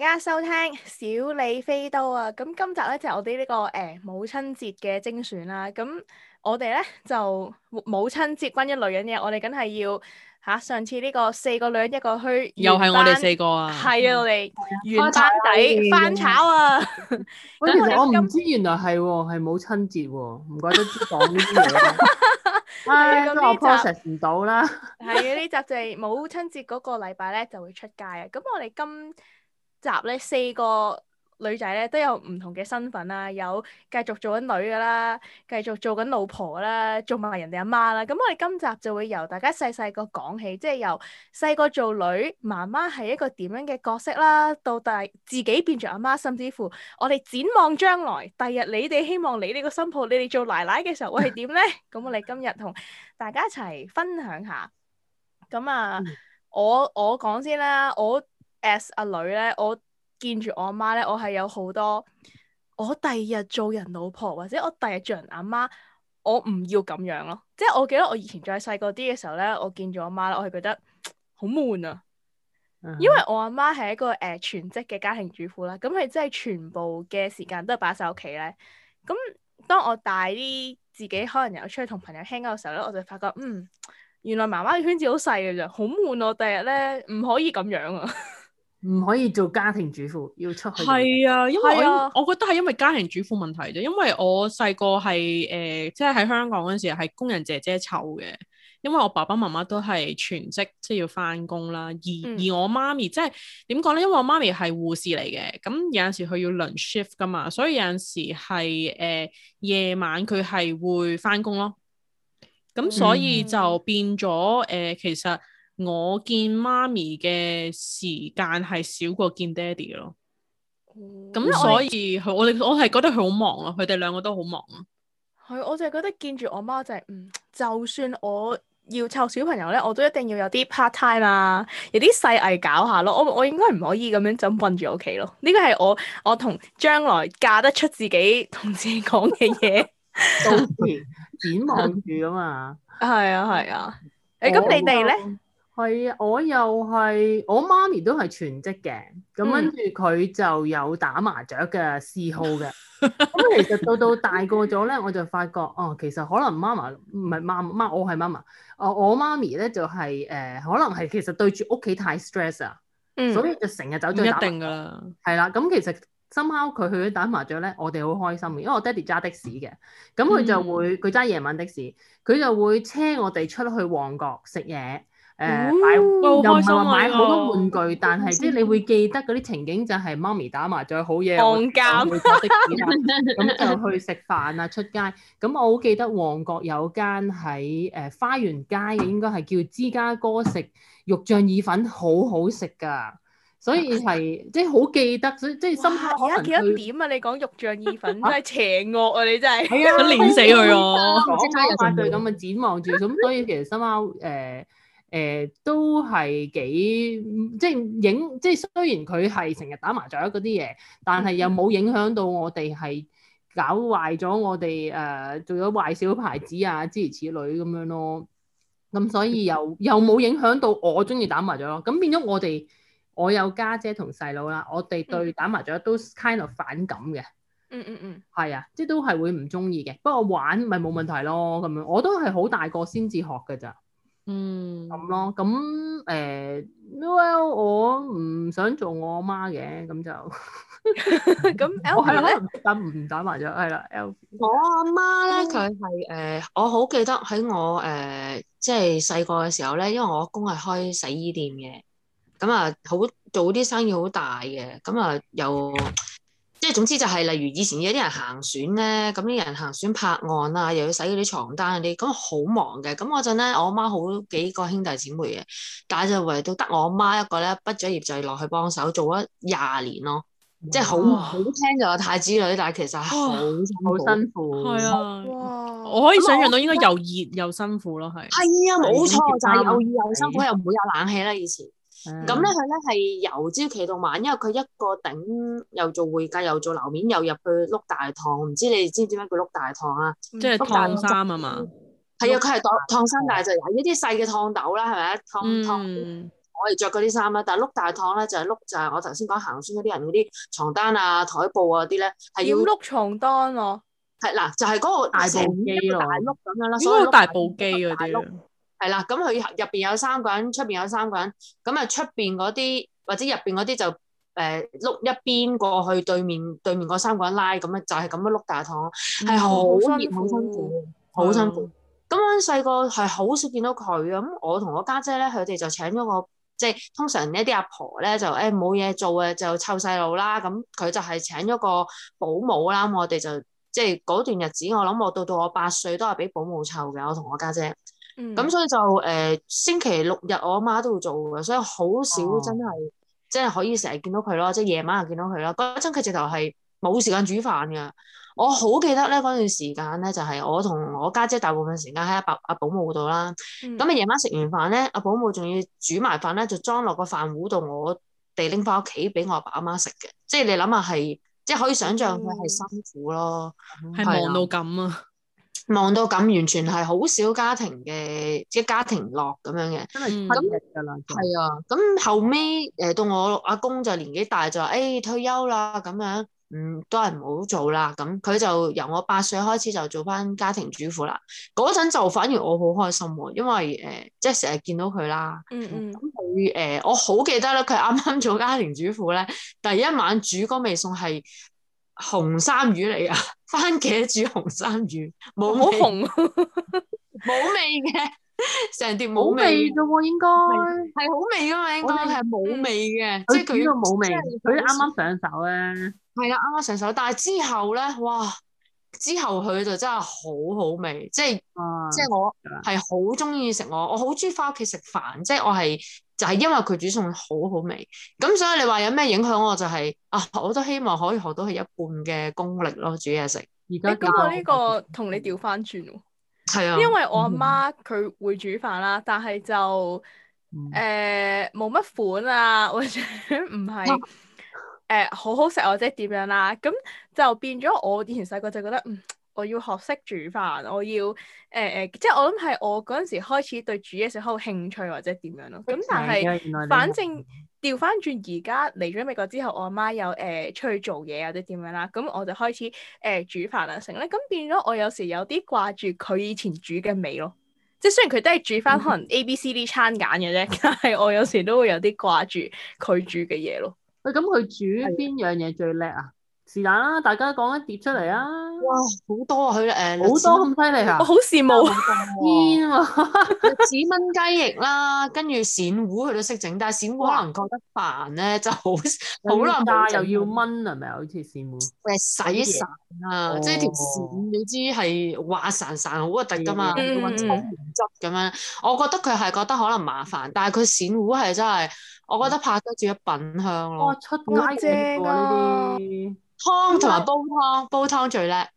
大家收聽小李飛刀啊！咁今集咧就係我哋呢個誒母親節嘅精選啦。咁我哋咧就母親節關於女人嘅，我哋梗係要吓上次呢個四個女人一個墟，又係我哋四個啊，係啊，我哋原班底翻炒啊！喂，其實我唔知原來係係母親節，唔怪得知講呢啲嘢，係啊，咁我 process 唔到啦。係呢集就係母親節嗰個禮拜咧就會出街啊！咁我哋今集咧，四個女仔咧都有唔同嘅身份啊！有繼續做緊女噶啦，繼續做緊老婆啦，做埋人哋阿媽啦。咁我哋今集就會由大家細細個講起，即係由細個做女，媽媽係一個點樣嘅角色啦，到第自己變做阿媽，甚至乎我哋展望將來，第日你哋希望你哋個新抱，你哋做奶奶嘅時候會係點咧？咁我哋今日同大家一齊分享下。咁啊，我我講先啦，我。s 阿女咧，我見住我阿媽咧，我係有好多我第二日做人老婆，或者我第二日做人阿媽，我唔要咁樣咯。即係我記得我以前再細個啲嘅時候咧，我見住我阿媽啦，我係覺得好悶啊。因為我阿媽係一個誒全職嘅家庭主婦啦，咁佢真係全部嘅時間都係擺晒屋企咧。咁當我大啲，自己可能有出去同朋友 hang 嘅時候咧，我就發覺嗯，原來媽媽嘅圈子好細嘅咋，好悶啊！我第日咧唔可以咁樣啊。唔可以做家庭主婦，要出去係啊，因為我、啊、我覺得係因為家庭主婦問題啫。因為我細個係誒，即係喺香港嗰時係工人姐姐湊嘅，因為我爸爸媽媽都係全職，即係要翻工啦。而、嗯、而我媽咪即係點講咧？因為我媽咪係護士嚟嘅，咁有陣時佢要輪 shift 噶嘛，所以有陣時係誒夜晚佢係會翻工咯。咁所以就變咗誒、嗯呃，其實。我見媽咪嘅時間係少過見爹哋咯，咁所以佢我我係覺得佢好忙咯，佢哋兩個都好忙啊。係我就係覺得見住我媽就係、是，嗯，就算我要湊小朋友咧，我都一定要有啲 part time 啊，有啲細藝搞下咯。我我應該唔可以咁樣真韞住屋企咯。呢個係我我同將來嫁得出自己同自己講嘅嘢，到時展望住啊嘛。係啊，係啊，誒咁、啊啊嗯嗯、你哋咧？係啊，我又係我媽咪都係全職嘅，咁跟住佢就有打麻雀嘅嗜好嘅。咁 其實到到大個咗咧，我就發覺哦，其實可能媽媽唔係媽媽，我係媽媽哦。我媽咪咧就係、是、誒、呃，可能係其實對住屋企太 stress 啊，嗯、所以就成日走咗打。一定噶啦，係啦。咁、嗯、其實 somehow 佢去咗打麻雀咧，我哋好開心嘅，因為我爹哋揸的士嘅，咁佢就會佢揸夜晚的士，佢就會車我哋出去旺角食嘢。誒又唔係話買好多玩具，但係即係你會記得嗰啲情景就係媽咪打麻雀好嘢，放假咁就去食飯啊，出街。咁我好記得旺角有間喺誒花園街嘅，應該係叫芝加哥食肉醬意粉，好好食㗎。所以係即係好記得，所以即係深刻。而家記得點啊？你講肉醬意粉真係邪惡啊！你真係想練死佢咯？即係日日對咁啊，展望住咁，所以其實新貓誒。誒、呃、都係幾、嗯、即係影，即係雖然佢係成日打麻雀嗰啲嘢，但係又冇影響到我哋係搞壞咗我哋誒、呃、做咗壞小牌子啊諸如此類咁樣咯。咁所以又又冇影響到我中意打麻雀咯。咁變咗我哋我有家姐同細佬啦，我哋對打麻雀都 kind of 反感嘅。嗯嗯嗯，係啊，即係都係會唔中意嘅。不過玩咪冇問題咯。咁樣我都係好大個先至學嘅咋。嗯，咁咯，咁、呃、誒，因 l、well, 我唔想做我阿媽嘅，咁就，咁 L 係啦，唔打唔打麻雀，係啦，L。P、 我阿媽咧，佢係誒，我好記得喺我誒，即係細個嘅時候咧，因為我阿公係開洗衣店嘅，咁啊，好做啲生意好大嘅，咁啊又。總之就係、是，例如以前有啲人行船咧，咁啲人行船拍案啊，又要洗嗰啲床單嗰啲，咁好忙嘅。咁嗰陣咧，我阿媽好幾個兄弟姐妹嘅，但係就唯獨得我阿媽一個咧，畢咗業就落去幫手做咗廿年咯。嗯、即係好好聽就太子女，但係其實係好辛苦。係啊，啊，我可以想象到應該又熱又辛苦咯，係。係啊，冇錯就係又熱又辛苦，的又唔會有冷氣啦，以前。咁咧佢咧係由朝企到晚，因為佢一個頂又做會計，又做樓面，又入去碌大堂。唔知你哋知唔知乜叫碌大堂啊？即係燙衫啊嘛。係啊，佢係當燙衫，但係就係一啲細嘅燙斗啦，係咪啊？燙燙，我哋着嗰啲衫啦。但係碌大堂咧就係碌，就係我頭先講行酸嗰啲人嗰啲床單啊、台布啊啲咧，係要碌床單啊。係嗱，就係嗰個大部機咯，大碌咁樣啦。所以好大部機嗰啲。係啦，咁佢入邊有三個人，出邊有三個人，咁啊出邊嗰啲或者入邊嗰啲就誒碌，呃、一邊過去對面對面嗰三個人拉咁啊，就係咁樣碌大堂，係好熱好辛苦，好辛苦。咁我細個係好少見到佢。咁我同我家姐咧，佢哋就請咗個即係，就是，通常一啲阿婆咧就誒冇嘢做啊，就湊細路啦。咁、欸、佢就係請咗個保姆啦。我哋就即係嗰段日子，我諗我到到我八歲都係俾保姆湊嘅。我同我家姐，姐。咁、嗯、所以就誒、呃、星期六日我阿媽都會做嘅，所以好少真係即係可以成日見到佢咯，即係夜晚又見到佢咯。嗰陣佢直頭係冇時間煮飯嘅。我好記得咧嗰段時間咧，就係、是、我同我家姐，姐大部分時間喺阿伯阿保姆度啦。咁啊夜晚食完飯咧，阿保姆仲要煮埋飯咧，就裝落個飯壺度，我哋拎翻屋企俾我阿爸阿媽食嘅。即係你諗下係，即係可以想像佢係辛苦咯，係忙、嗯、到咁啊！ 望到咁完全係好少家庭嘅，即係家庭樂咁樣嘅，咁係、嗯、那啊，咁後尾誒、呃、到我阿公就年紀大就話誒、欸、退休啦咁樣，嗯，都係唔好做啦咁，佢就由我八歲開始就做翻家庭主婦啦。嗰陣就反而我好開心喎、啊，因為誒、呃、即係成日見到佢啦。咁佢誒，我好記得咧，佢啱啱做家庭主婦咧，第一晚煮嗰味餸係。紅衫魚嚟啊，番茄煮紅衫魚，冇紅，冇 味嘅，成 碟冇味嘅喎，應該係好味噶嘛，應該係冇味嘅，即係佢，即係佢啱啱上手咧，係啦，啱啱上手，但係之後咧，哇，之後佢就真係好好味，即係、啊，即係我係好中意食我，我好中意翻屋企食飯，即係我係。就係因為佢煮餸好好味，咁所以你話有咩影響我就係、是、啊，我都希望可以學到佢一半嘅功力咯，煮嘢食。而家我呢個同、欸、你調翻轉喎，係啊，因為我阿媽佢、嗯、會煮飯啦，但係就誒冇乜款啊，或者唔係誒好好食、啊、或者點樣啦、啊，咁就變咗我以前細個就覺得嗯。我要學識煮飯，我要誒誒、呃，即係我諗係我嗰陣時開始對煮嘢食好有興趣或者點樣咯。咁但係，反正調翻轉而家嚟咗美國之後，我阿媽又誒出去做嘢或者點樣啦，咁我就開始誒、呃、煮飯啦，成咧咁變咗我有時有啲掛住佢以前煮嘅味咯。即係雖然佢都係煮翻可能 A 餐餐、B、C D 餐揀嘅啫，但係我有時都會有啲掛住佢煮嘅嘢咯。喂，咁佢煮邊樣嘢最叻啊？是但啦，大家講一碟出嚟啊！哇，好多啊，佢誒好多咁犀利啊！我好羨慕啊！天啊，紙燜雞翼啦，跟住鱔糊佢都識整，但係鱔糊可能覺得煩咧，就好好難搞，又要燜，係咪好似鱔糊，誒洗曬啊！即係條鱔，你知係滑潺潺好核突㗎嘛？要揾汁咁樣，我覺得佢係覺得可能麻煩，但係佢鱔糊係真係，我覺得拍得住一品香咯。好正啊！湯同埋煲湯，煲湯最叻。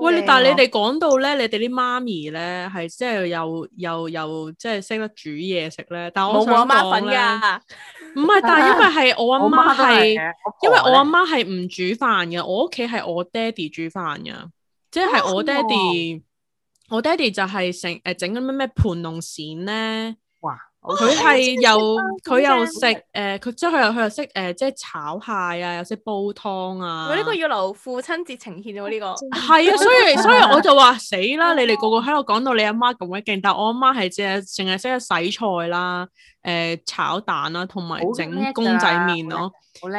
喂、啊，你但係你哋講到咧，你哋啲媽咪咧係即係又又又即係識得煮嘢食咧。但係我冇阿媽粉噶，唔係，但係因為係我阿媽係， 媽因為我阿媽係唔煮飯嘅，我屋企係我爹哋煮飯噶，即係我爹哋， 我爹哋就係成誒整緊咩咩盤龍鱔咧。呃佢係又佢又食誒，佢即係佢又佢又識誒，即、呃、係炒蟹啊，又識煲湯啊。喂，呢個要留父親節呈獻喎、啊，呢、這個係 啊，所以所以我就話 死啦！你哋個個喺度講到你阿媽咁鬼勁，但係我阿媽係淨淨係識得洗菜啦、誒、呃、炒蛋啦，同埋整公仔麪咯。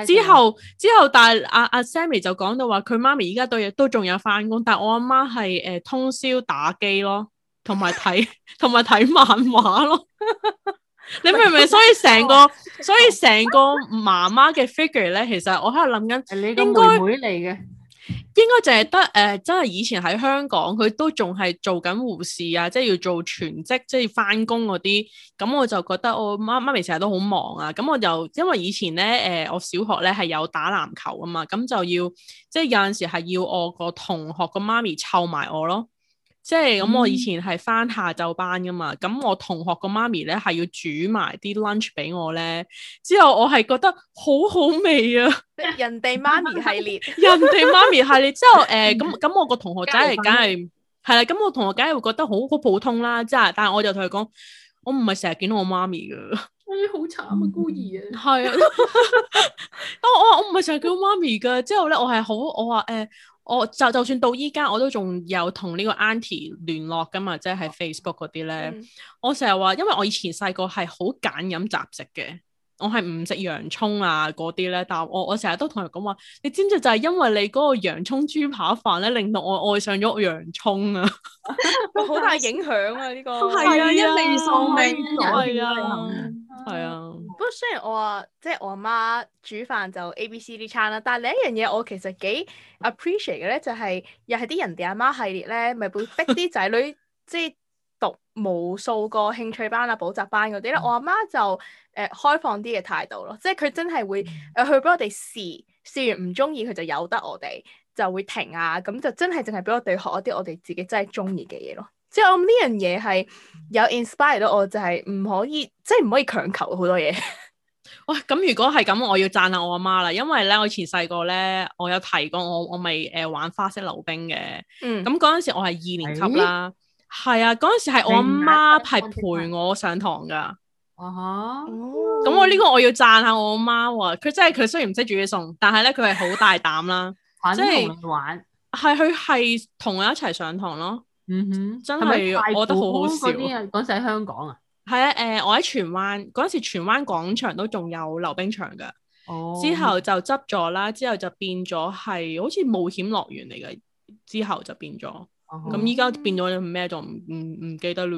之後之後，但係、啊、阿阿、啊、Sammy 就講到話，佢媽咪而家都都仲有翻工，但係我阿媽係誒通宵打機咯。同埋睇，同埋睇漫畫咯。 你明唔明？ 所以成個，所以成個媽媽嘅 figure 咧，其實我喺度諗緊，應該會嚟嘅。應該淨係得誒，真係以前喺香港，佢都仲係做緊護士啊，即係要做全職，即係翻工嗰啲。咁我就覺得我媽咪成日都好忙啊。咁我就因為以前咧，誒、呃，我小學咧係有打籃球啊嘛，咁就要即係有陣時係要我個同學個媽咪湊埋我咯。即係咁，就是嗯、我以前係翻下晝班噶嘛，咁我同學個媽咪咧係要煮埋啲 lunch 俾我咧，之後我係覺得好好味啊！人哋媽咪， 咪係列，人哋媽咪係列之後，誒、呃，咁咁我個同學仔係，梗係係啦，咁我同學梗係會覺得好好普通啦，即係，但係我就同佢講，我唔係成日見到我媽咪噶，唉、嗯，好慘、欸、啊，孤兒啊，係啊，我我我唔係成日見到媽咪噶，之後咧，我係好，我話誒。就是我就就算到依家，我都仲有同呢個 Auntie 聯絡噶嘛，即係 Facebook 嗰啲咧。嗯、我成日話，因為我以前細個係好揀飲雜食嘅，我係唔食洋葱啊嗰啲咧。但係我我成日都同佢講話，你知唔知就係、是、因為你嗰個洋葱豬扒飯咧，令到我愛上咗洋葱啊！好 大影響啊！呢、呢個係啊，一命喪命係啊，係啊。不過雖然我話即係我阿媽煮飯就 A、B、C D 餐啦，但係另一樣嘢我其實幾 appreciate 嘅咧，就係又係啲人哋阿媽，媽系列咧，咪會逼啲仔女 即係讀無數個興趣班啊、補習班嗰啲咧。我阿媽就誒、呃、開放啲嘅態度咯，即係佢真係會誒去俾我哋試，試完唔中意佢就由得我哋，就會停啊。咁就真係淨係俾我哋學一啲我哋自己真係中意嘅嘢咯。即係我諗呢樣嘢係有 inspire 到我，就係、是、唔可以即係唔可以強求好多嘢。哇、哦！咁如果係咁，我要讚下我阿媽啦，因為咧我前細個咧我有提過我我咪誒、呃、玩花式溜冰嘅。嗯。咁嗰陣時我係二年級啦。係、欸、啊，嗰陣時係我阿媽係陪我上堂噶。哦。哦。咁我呢個我要讚下我阿媽啊！佢真係佢雖然唔識煮嘢餸，但係咧佢係好大膽啦。即係、 就是、玩。係佢係同我一齊上堂咯。嗯哼， 真係我覺得好好笑。嗰啲講晒香港啊，係啊，誒，我喺荃灣嗰陣時灣有有，荃灣廣場都仲有溜冰場噶。哦，之後就執咗啦，之後就變咗係好似冒險樂園嚟嘅。之後就變咗，咁依家變咗咩就唔唔唔記得啦。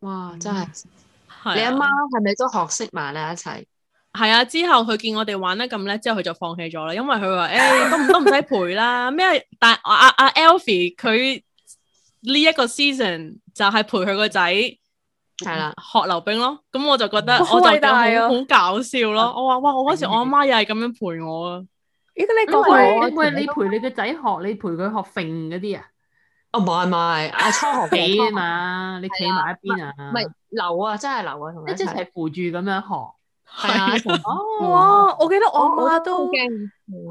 哇，真係， 啊、你阿媽係咪都學識埋咧一齊、啊？係啊，之後佢見我哋玩得咁叻，之後佢就放棄咗啦，因為佢話誒，都唔都唔使陪啦。咩？但係阿阿 Alfie 佢。呢一個 season 就係陪佢個仔，係啦，學溜冰咯。咁我就覺得，我就覺得好搞笑咯。我話：哇！我嗰時我阿媽又係咁樣陪我啊。咦？你講係你陪你個仔學，你陪佢學揈嗰啲啊？哦，唔係唔係，阿初學起啊嘛，你企埋一邊啊？唔係溜啊，真係溜啊，一齊扶住咁樣學。係啊，哦，我記得我阿媽都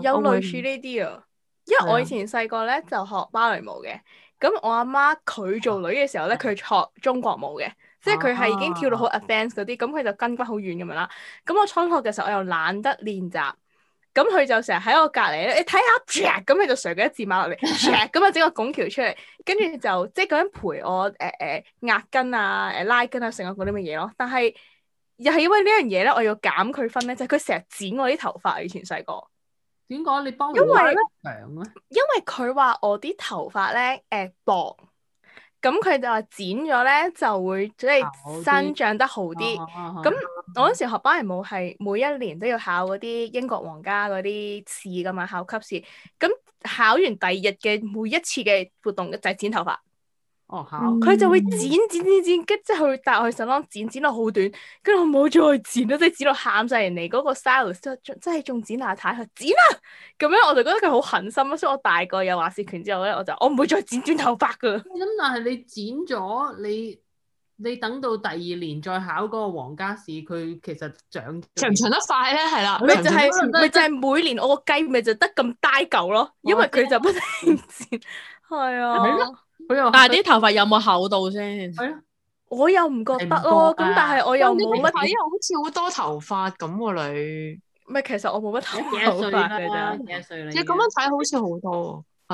有類似呢啲啊，因為我以前細個咧就學芭蕾舞嘅。咁我阿媽佢做女嘅時候咧，佢學中國舞嘅，即係佢係已經跳到好 advance 嗰啲，咁佢就筋骨好軟咁樣啦。咁我初學嘅時候，我又懶得練習，咁佢就成日喺我隔籬咧，你睇下咁佢就隨腳一字馬落嚟，咁啊整個拱橋出嚟，跟住就即係咁樣陪我誒誒、呃呃、壓筋啊、誒、呃、拉筋啊，成個嗰啲乜嘢咯。但係又係因為呢樣嘢咧，我要減佢分咧，就係佢成日剪我啲頭髮。以前細個。點講？你因為咧，因為佢話我啲頭髮咧，誒薄，咁佢就話剪咗咧就會即係生長得好啲。咁、啊啊啊、我嗰時學芭蕾舞係每一年都要考嗰啲英國皇家嗰啲試噶嘛，考級試。咁考完第二日嘅每一次嘅活動就係剪頭髮。哦，佢就會剪剪剪剪，跟住佢帶去 salon 剪剪到好短，跟住我冇再剪啦，即係剪到喊晒人哋嗰個 stylist，即係仲剪下太佢剪啦，咁樣我就覺得佢好狠心啊！所以我大個有話事權之後咧，我就我唔會再剪短頭髮噶。咁但係你剪咗，你你等到第二年再考嗰個皇家試，佢其實長長唔得快咧，係啦，咪就係咪就係每年我個雞咪就得咁呆舊咯，因為佢就不停剪，係啊。但係啲頭髮有冇厚度先？啊、我又唔覺得咯，咁、啊、但係我又冇乜，睇，好似好多頭髮咁喎你。唔係，其實我冇乜頭髮嘅啫。你咁樣睇好似好多。 係啊，我媽唔係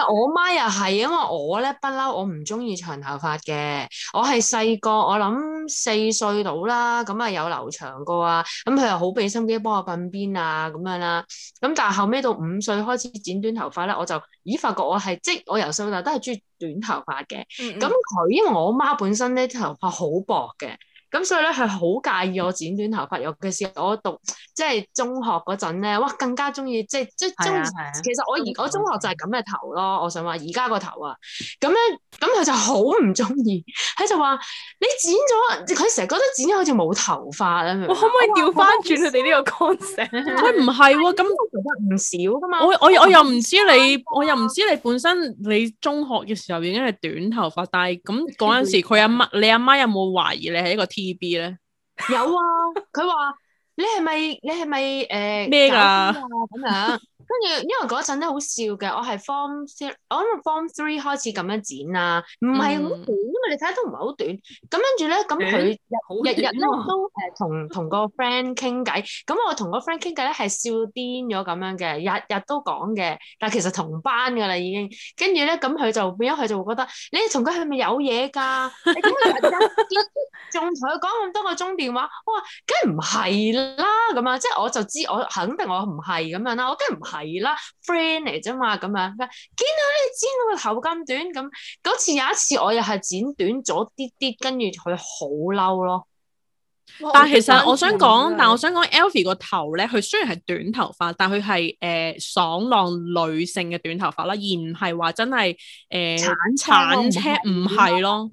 啊，我媽又係，因為我咧不嬲，我唔中意長頭髮嘅。我係細個，我諗四歲到啦，咁啊有留長過啊，咁佢又好俾心機幫我鬢邊啊，咁樣啦。咁但係後尾到五歲開始剪短頭髮咧，我就咦發覺我係即我由細到大都係中意短頭髮嘅。咁佢、嗯嗯、因為我媽本身咧頭髮好薄嘅。咁所以咧，佢好介意我剪短頭髮。尤其是我讀即係中學嗰陣咧，哇，更加中意即係即係中。其實我而我中學就係咁嘅頭咯。我想話而家個頭啊，咁樣咁佢就好唔中意。佢就話你剪咗，佢成日覺得剪咗好似冇頭髮咧。我可唔可以調翻轉佢哋呢個 concept？佢唔係喎，咁頭髮唔少噶嘛。我我我又唔知你，我又唔知你本身你中學嘅時候已經係短頭髮，但係咁嗰陣時佢阿媽，你阿媽有冇懷疑你係一個？b b 咧有啊，佢話，你係咪你係咪誒咩噶咁樣、啊。 跟住，因為嗰陣咧好笑嘅，我係 form three，我諗 form three 開始咁樣剪啦、啊，唔係好短，因為你睇下都唔係好短。咁跟住咧，咁佢日日日咧都誒同同個 friend 傾偈，咁我同個 friend 傾偈咧係笑癲咗咁樣嘅，日日都講嘅，但係其實同班㗎啦已經。跟住咧，咁佢就變咗佢就會覺得，你同佢係咪有嘢㗎？你點解仲同佢講咁多個鐘電話？我話梗係唔係啦，咁啊，即係我就知，我肯定我唔係咁樣啦，我梗係唔係。係啦，friend 嚟啫嘛，咁樣，見到你剪到個頭咁短，咁嗰次有一次我又係剪短咗啲啲，跟住佢好嬲咯。但係其實我想講，但係我想講，Alfy 個頭咧，佢雖然係短頭髮，呃，但佢係誒爽朗女性嘅短頭髮啦，而唔係話真係誒鏟車唔係咯，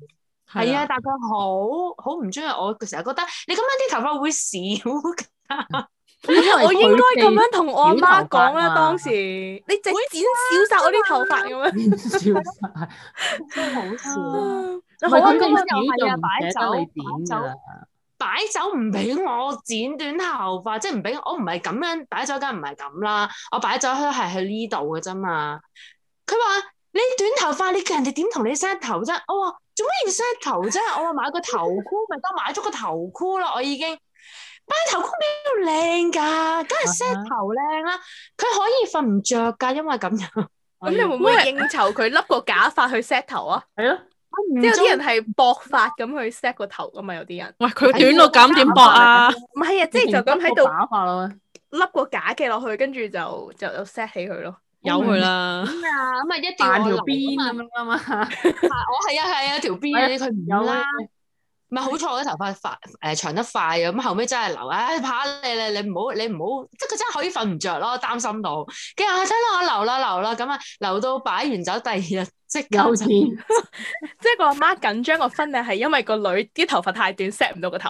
係啊，但佢好好唔中意，我成日覺得你咁樣啲頭髮會少。 我應該咁樣同我阿媽講啦，當時你整剪少曬我啲頭髮嘅咩？少曬，好啊！你好啊，今日又擺酒你點啊？擺酒唔俾我剪短頭髮，即係唔俾我唔係咁樣擺酒，梗唔係咁啦。我擺酒係去呢度嘅啫嘛。佢話你短頭髮，你叫人哋點同你 set 頭啫？我話做乜要 set 頭啫？我話買個頭箍咪得，買咗個頭箍啦，我已經。扮頭工都要靚噶，梗係 set 頭靚啦。佢可以瞓唔着噶，因為咁樣。咁你會唔會應酬佢，笠個假髮去 set 頭啊？係咯，即係有啲人係駁髮咁去 set 個頭噶嘛。有啲人，喂，佢短到咁點駁啊？唔係啊，即係就咁喺度假髮咯，笠個假嘅落去，跟住就就就 set 起佢咯，有佢啦。咩啊？咁啊，一定要留邊咁樣啊嘛？我係啊係啊，條邊佢唔啦。咪好彩我啲頭髮快誒長得快啊！咁後尾真係留，啊、欸。怕你你你唔好你唔好，即係佢真係可以瞓唔着咯，擔心到，跟住 我真係我留啦留啦，咁啊留到擺完酒，第二日即夠錢，即係個阿媽緊張個分量係因為個女啲頭髮太短 set 唔到個頭，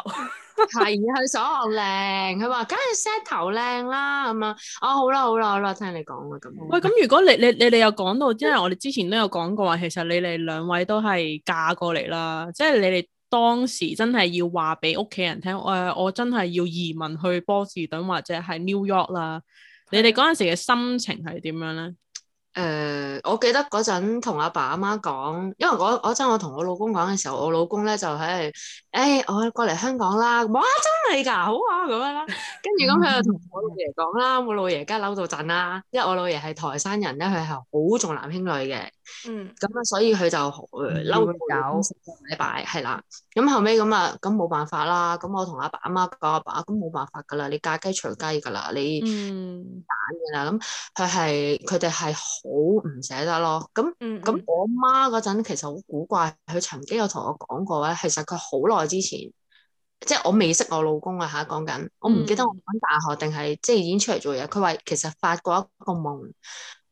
係啊，佢想我靚，佢話梗係 set 頭靚啦咁啊，哦好啦好啦好啦，聽你講啊咁樣。喂，咁如果你你你你又講到，因為我哋之前都有講過話，其實你哋兩位都係嫁過嚟啦，即係你哋。你當時真係要話俾屋企人聽，誒、呃，我真係要移民去波士頓或者係 New York 啦。你哋嗰陣時嘅心情係點樣咧？誒、呃，我記得嗰陣同阿爸阿媽講，因為我嗰陣我同我老公講嘅時候，我老公咧就喺、是、度，誒、欸，我過嚟香港啦，哇，真係㗎，好啊，咁樣啦，跟住咁佢就同我老爺講啦， 我老爺梗係嬲到震啦，因為我老爺係台山人咧，佢係好重男輕女嘅，嗯，咁啊，所以佢就嬲到死個禮拜，係啦，咁後尾咁啊，咁冇辦法啦，咁我同阿爸阿媽講阿爸，爸，咁冇辦法㗎啦，你嫁雞隨雞㗎啦，你蛋㗎啦，咁佢係佢哋係。好唔捨得咯，咁咁我媽嗰陣其實好古怪，佢曾經有同我講過咧，其實佢好耐之前，即係我未識我老公啊吓，講緊，我唔記得我返大學定係即係已經出嚟做嘢，佢話其實發過一個夢，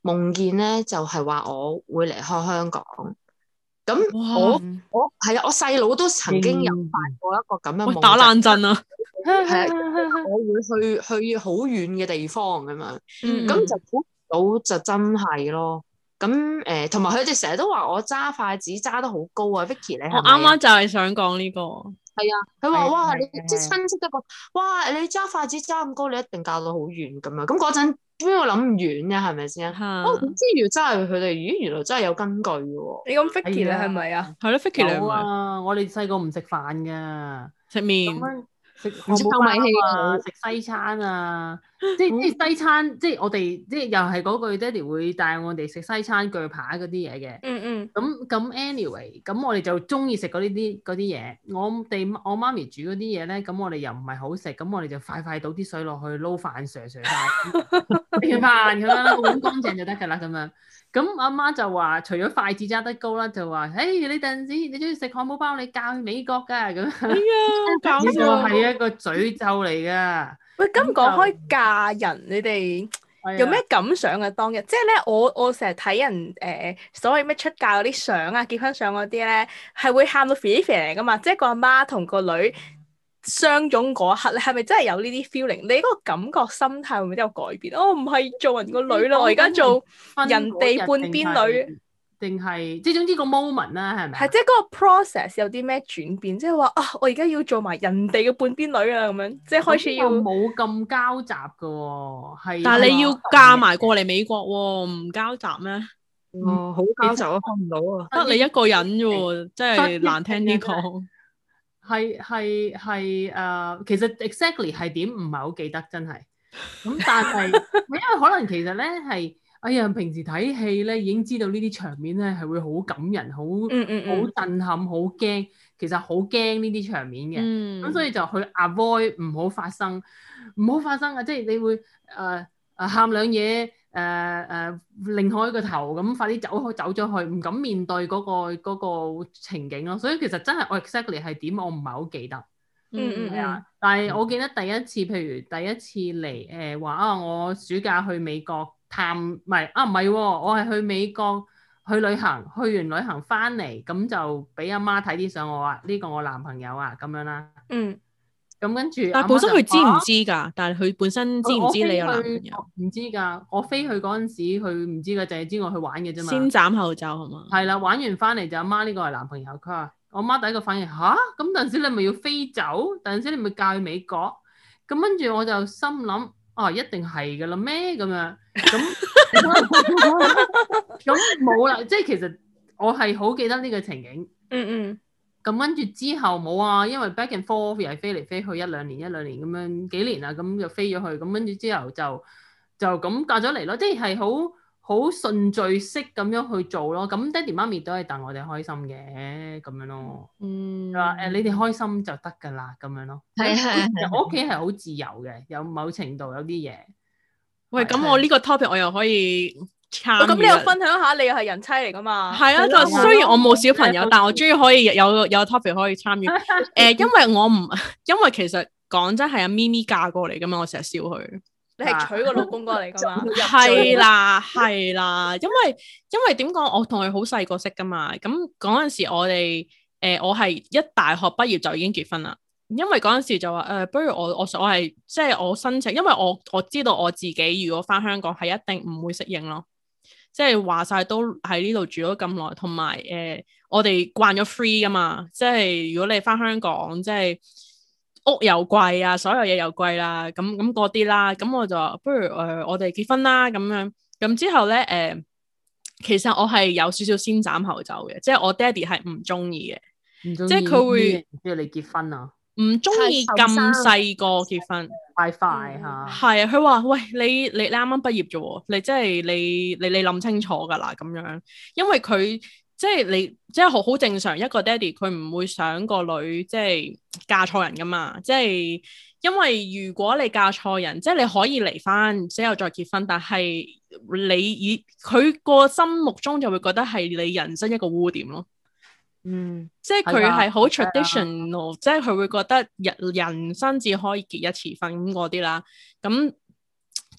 夢見咧就係、是、話我會離開香港，咁我哇我係啊，我細佬都曾經有發過一個咁樣夢，打冷震啊， 我會去去好遠嘅地方咁樣，咁、嗯嗯、就到就真係咯，咁、嗯、誒，同埋佢哋成日都話我揸筷子揸得好高啊，Vicky 你。我啱啱就係想講呢、呢個。係啊，佢話哇，即係親戚都講，哇，你揸筷子揸咁高，你一定嫁到好遠咁、嗯、啊！咁嗰陣點解我諗唔遠咧？係咪先？哦，真係真係佢哋，咦，原來真係有根據喎。你講 Vicky 你係咪啊？係咯，Vicky 你唔係、啊啊啊。我哋細個唔食飯㗎，食麵麵、食唔、啊、米花食西餐啊？即即西餐，即我哋即又係嗰句，爹哋會帶我哋食西餐鋸扒嗰啲嘢嘅。嗯嗯。咁咁，Anyway，咁我哋就中意食嗰啲啲嗰啲嘢。我哋我媽咪煮嗰啲嘢咧，咁我哋又唔係好食，咁我哋就快快倒啲水落去撈飯，sir sir 飯飯咁樣，擦擦擦擦擦擦擦 碗乾淨就得㗎啦咁樣。咁阿 媽，媽就話，除咗筷子揸得高啦，就話：誒、hey, 你等陣時你中意食漢堡包，你嫁去美國㗎。咁啊，你就係一個詛咒嚟㗎。喂，咁講開嫁人，你哋有咩感想啊？的當日即係咧，我我成日睇人誒、呃，所謂咩出嫁嗰啲相啊，結婚相嗰啲咧，係會喊到肥肥嚟㗎嘛？即係個阿媽同個女相擁嗰刻咧，係咪真係有呢啲 feeling？你嗰個感覺心態會唔會都有改變？哦，唔係做人個女啦，我而家做人哋半邊女。定係即係總之個 moment 啦，係咪？係即係嗰個 process 有啲咩轉變，即係話啊，我而家要做埋人哋嘅半邊女啊，咁樣、嗯、即係開始要冇咁交集嘅喎、哦，係。但係你要嫁埋過嚟美國喎、哦，唔交集咩？哦，好交集啊，分唔到啊，得你一個人啫喎，哎、真係難聽啲、這、講、個。係係係誒，其實 exactly 係點？唔係好記得，真係。咁、嗯、但係，因為可能其實咧係。哎呀！平時睇戲咧，已經知道呢啲場面咧係會好感人、好好、嗯嗯嗯、震撼、好驚。其實好驚呢啲場面嘅，咁、嗯、所以就去 avoid 唔好發生，唔好發生啊！即係你會誒誒、呃呃、喊兩嘢誒誒，擰、呃呃、開個頭咁，快啲走，走走咗去，唔敢面對嗰、嗰個嗰個情景咯。所以其實真係我 exactly 係點，我唔係好記得。嗯，嗯，嗯，係啊、嗯嗯。但係我記得第一次，譬如第一次嚟誒話啊，我暑假去美國。探，唔係啊，唔係、哦、我係去美國去旅行，去完旅行翻嚟，咁就俾阿媽睇啲相。我話呢個我男朋友啊咁樣啦、啊。嗯，咁跟住著但媽媽本身佢知唔知㗎？啊、但係佢本身知唔知你有男朋友？唔知㗎，我飛去嗰陣時，佢唔知㗎，淨係知我去玩嘅啫嘛。先斬後走，係嘛？係啦、啊，玩完翻嚟就阿媽，呢個係男朋友。佢話：我媽第一個反應吓？咁、啊、陣時你咪要飛走，陣時你咪嫁去美國。咁跟住我就心諗。哦、啊，一定係㗎喇咩？咁樣咁咁冇啦，即係其實我係好記得呢個情景。嗯嗯。咁跟住之後冇啊，因為 back and forth 又係飛嚟飛去一兩年一兩年咁樣幾年啊，咁就飛咗去。咁跟住之後就就咁嫁咗嚟咯，即係係好。好順序式咁樣去做咯，咁爹哋媽咪都係戥我哋開心嘅咁樣咯。嗯，話誒你哋開心就得噶啦咁樣咯。係我屋企係好自由嘅，有某程度有啲嘢。喂，咁我呢個 topic 我又可以參，咁你又分享下，你又係人妻嚟噶嘛？係啊，就雖然我冇小朋友，但我終於可以有有 topic 可以參與。誒，因為我唔，因為其實講真係阿咪咪嫁過嚟噶嘛，我成日笑佢。你係娶個老公過嚟噶嘛？係啦係啦，因為因為點講，我同佢好細個識噶嘛。咁嗰陣時我哋誒、呃，我係一大學畢業就已經結婚啦。因為嗰陣時就話誒、呃，不如我我我係即係我申請，因為我我知道我自己如果翻香港係一定唔會適應咯。即係話晒都喺呢度住咗咁耐，同埋誒，我哋慣咗 free 噶嘛。即係如果你翻香港，即係。屋又貴啊，所有嘢又貴、啊、咁咁啦，咁咁啲啦，咁我就不如誒、呃，我哋結婚啦咁樣，咁之後咧誒、呃，其實我係有少少先斬後奏嘅，即係我爹哋係唔中意嘅，喜即係他佢會要你結婚啊，唔中意咁細個結婚，w 太快嚇，係啊、嗯，佢話喂，你你你啱啱畢業啫喎，你即、就、係、是、你你你諗清楚噶啦咁樣，因為佢。即係你即係好好正常一個爹地，佢唔會想個女即係嫁錯人噶嘛。即係因為如果你嫁錯人，即係你可以離翻之後再結婚，但係你以佢個心目中就會覺得係你人生一個污點咯。嗯，即係佢係好 traditional，即係佢會覺得人人生至可以結一次婚咁嗰啲啦。咁、嗯。嗯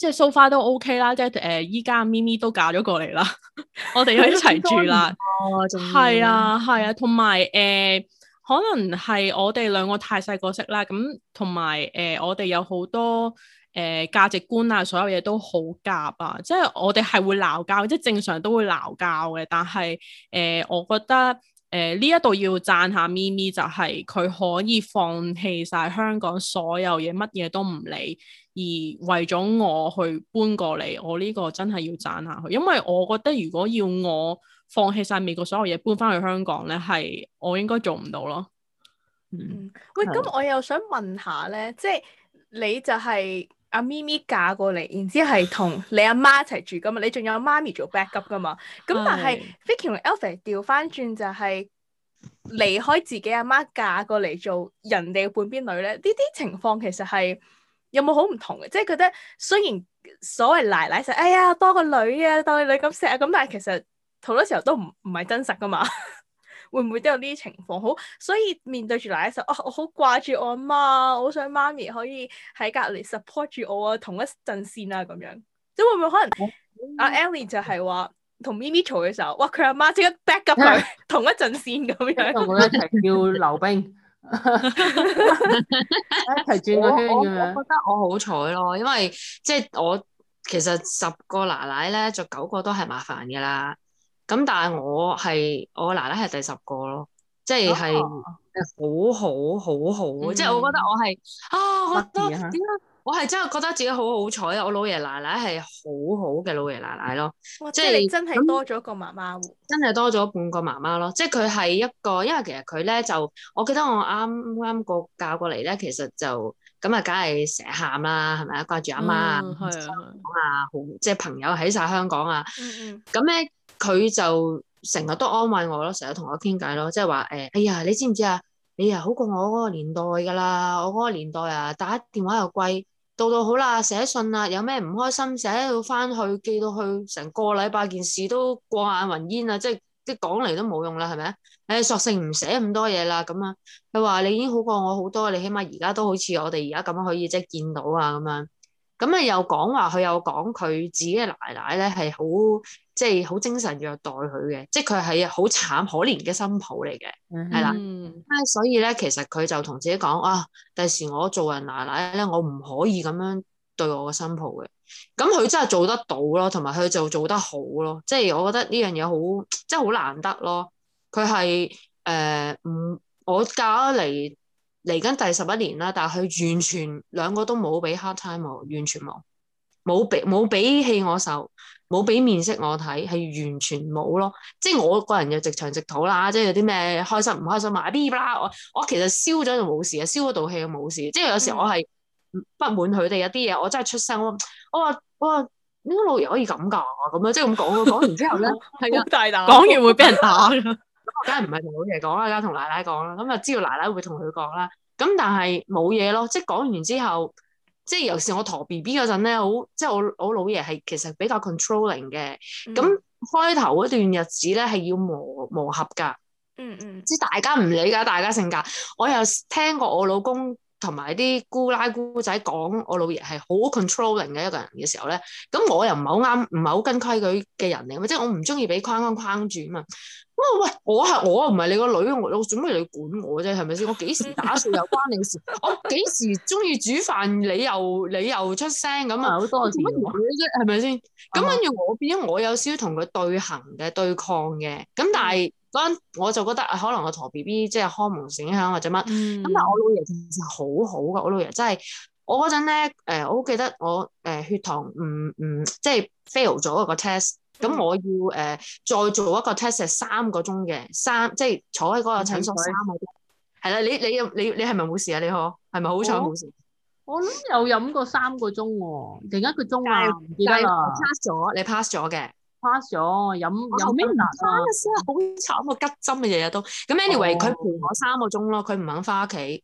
即係 so far 都 OK 啦，即係誒依家咪咪都嫁咗過嚟啦。 我哋可以一齊住啦。哦，係啊係啊，同埋誒可能係我哋兩個太細個識啦，咁同埋誒我哋有好多誒價、呃、值觀啊，所有嘢都好夾啊，即係我哋係會鬧交，即係正常都會鬧交嘅，但係誒、呃、我覺得誒呢、呃、一度要讚下咪咪、就係，就係佢可以放棄晒香港所有嘢，乜嘢都唔理。而為咗我去搬過嚟，我呢個真係要贊下去！因為我覺得如果要我放棄晒美國所有嘢搬翻去香港咧，係我應該做唔到咯。嗯，嗯是喂，咁我又想問下咧，即係你就係阿咪咪嫁過嚟，然之係同你阿媽，媽一齊住噶 嘛？你仲有媽咪做 backup 噶嘛？咁但係 Vicky 同 Alfred 調翻轉就係離開自己阿媽，媽嫁過嚟做人哋半邊女咧，呢啲情況其實係。有冇好唔同嘅？即係覺得雖然所謂奶奶就哎呀多個女啊，當你女咁錫啊，咁、啊、但係其實好多時候都唔唔係真實㗎嘛。 會唔會都有呢啲情況？好，所以面對住奶奶就，哦，我好掛住我阿媽，我好想媽咪可以喺隔籬 support 住我啊，同一陣線啊，咁樣。即係會唔會可能阿 Ellie、嗯、就係話同咪咪吵嘅時候，哇佢阿媽即刻 back up 佢、嗯，同一陣線咁樣。同我一齊叫溜冰。 一齊轉個圈，咁我我，我覺得我好彩咯，因為即係我其實十個奶奶咧，做九個都係麻煩嘅啦。咁但係我係我奶奶係第十個咯，即係係好好好好，好嗯、即係我覺得我係啊，我都點解！我係真係覺得自己好好彩啊！我老爺奶奶係好好嘅老爺奶奶咯，即係你真係多咗個媽媽喎，嗯，真係多咗半個媽媽咯。即係佢係一個，因為其實佢咧就，我記得我啱啱個嫁過嚟咧，其實就咁、嗯、啊，梗係成日喊啦，係咪啊，掛住阿媽啊，即係朋友喺晒香港啊，咁咧佢就成日都安慰我咯，成日同我傾偈咯，即係話誒，哎呀，你知唔知啊？你又好過我嗰個年代㗎啦，我嗰個年代啊，打電話又貴。到到好啦，寫信啦，有咩唔開心，寫到翻去，寄到去，成個禮拜件事都過眼雲煙啦，即係即講嚟都冇用啦，係咪？誒、欸，索性唔寫咁多嘢啦，咁啊，佢話你已經好過我好多，你起碼而家都好似我哋而家咁樣可以即係見到啊，咁樣。咁啊又講話佢又講佢自己嘅奶奶咧係好即係好精神虐待佢嘅，即係佢係好慘可憐嘅新抱嚟嘅，係啦、嗯哼。咁所以咧，其實佢就同自己講啊，第時我做人奶奶咧，我唔可以咁樣對我個新抱嘅。咁佢真係做得到咯，同埋佢就做得好咯。即係我覺得呢樣嘢好即係好難得咯。佢係誒嗯，我嫁嚟，嚟緊第十一年啦，但係佢完全兩個都冇俾 hard time，完全冇，冇俾冇俾氣我受，冇俾面色我睇，係完全冇咯。即係我個人又直腸直肚啦，即係有啲咩開心唔開心咪嗶啦。我我其實燒咗就冇事啊，燒嗰度氣就冇事。即係有時我係不滿佢哋有啲嘢，我真係出聲。我話我話呢個老爺可以咁噶？咁樣即係咁講，講完之後咧，係啊 的，大膽講完會俾人打 梗係唔係同老爺講啦，梗係同奶奶講啦。咁啊，知道奶奶會同佢講啦。咁但係冇嘢咯，即係講完之後，即係尤其是我陀 B B 嗰陣咧，好即係我我老爺係其實比較 controlling 嘅。咁開頭嗰段日子咧係要磨磨合噶。嗯嗯。即係大家唔理解大家性格，我又聽過我老公。同埋啲姑奶姑仔講，我老爺係好 controlling 嘅一個人嘅時候咧，咁我又唔係好啱，唔係好跟規矩嘅人嚟啊！即係我唔中意俾框框框住啊嘛。哇喂，我係我唔係你個女，我做咩你管我啫？係咪先？我幾時打算又關你事？ 我幾時中意煮飯你又你又出聲咁啊？好多事做乜嘢啫？係咪先？咁跟住我變咗我有少少同佢對行嘅對抗嘅，咁但係。 嗰陣我就覺得可能我同 B B 即係康唔成響或者乜，咁、嗯、但係我老爺其實好好噶，我老爺真係我嗰陣咧誒，我好記得我誒、呃、血糖唔唔、嗯嗯、即係 fail 咗一個 test，咁、嗯、我要誒、呃、再做一個 test 係三個鐘嘅三即係坐喺嗰個診所、嗯、三個鐘，係啦，你你你你係咪冇事啊？你好，係咪好彩冇事？我諗有飲過三個鐘喎、啊，突然間一個鐘啊唔但記得啦，pass 咗你 pass 咗嘅。花咗飲、啊、有咩難花真係好慘啊！吉針嘅日日都咁，anyway 佢、哦、陪我三個鐘咯，佢唔肯翻屋企，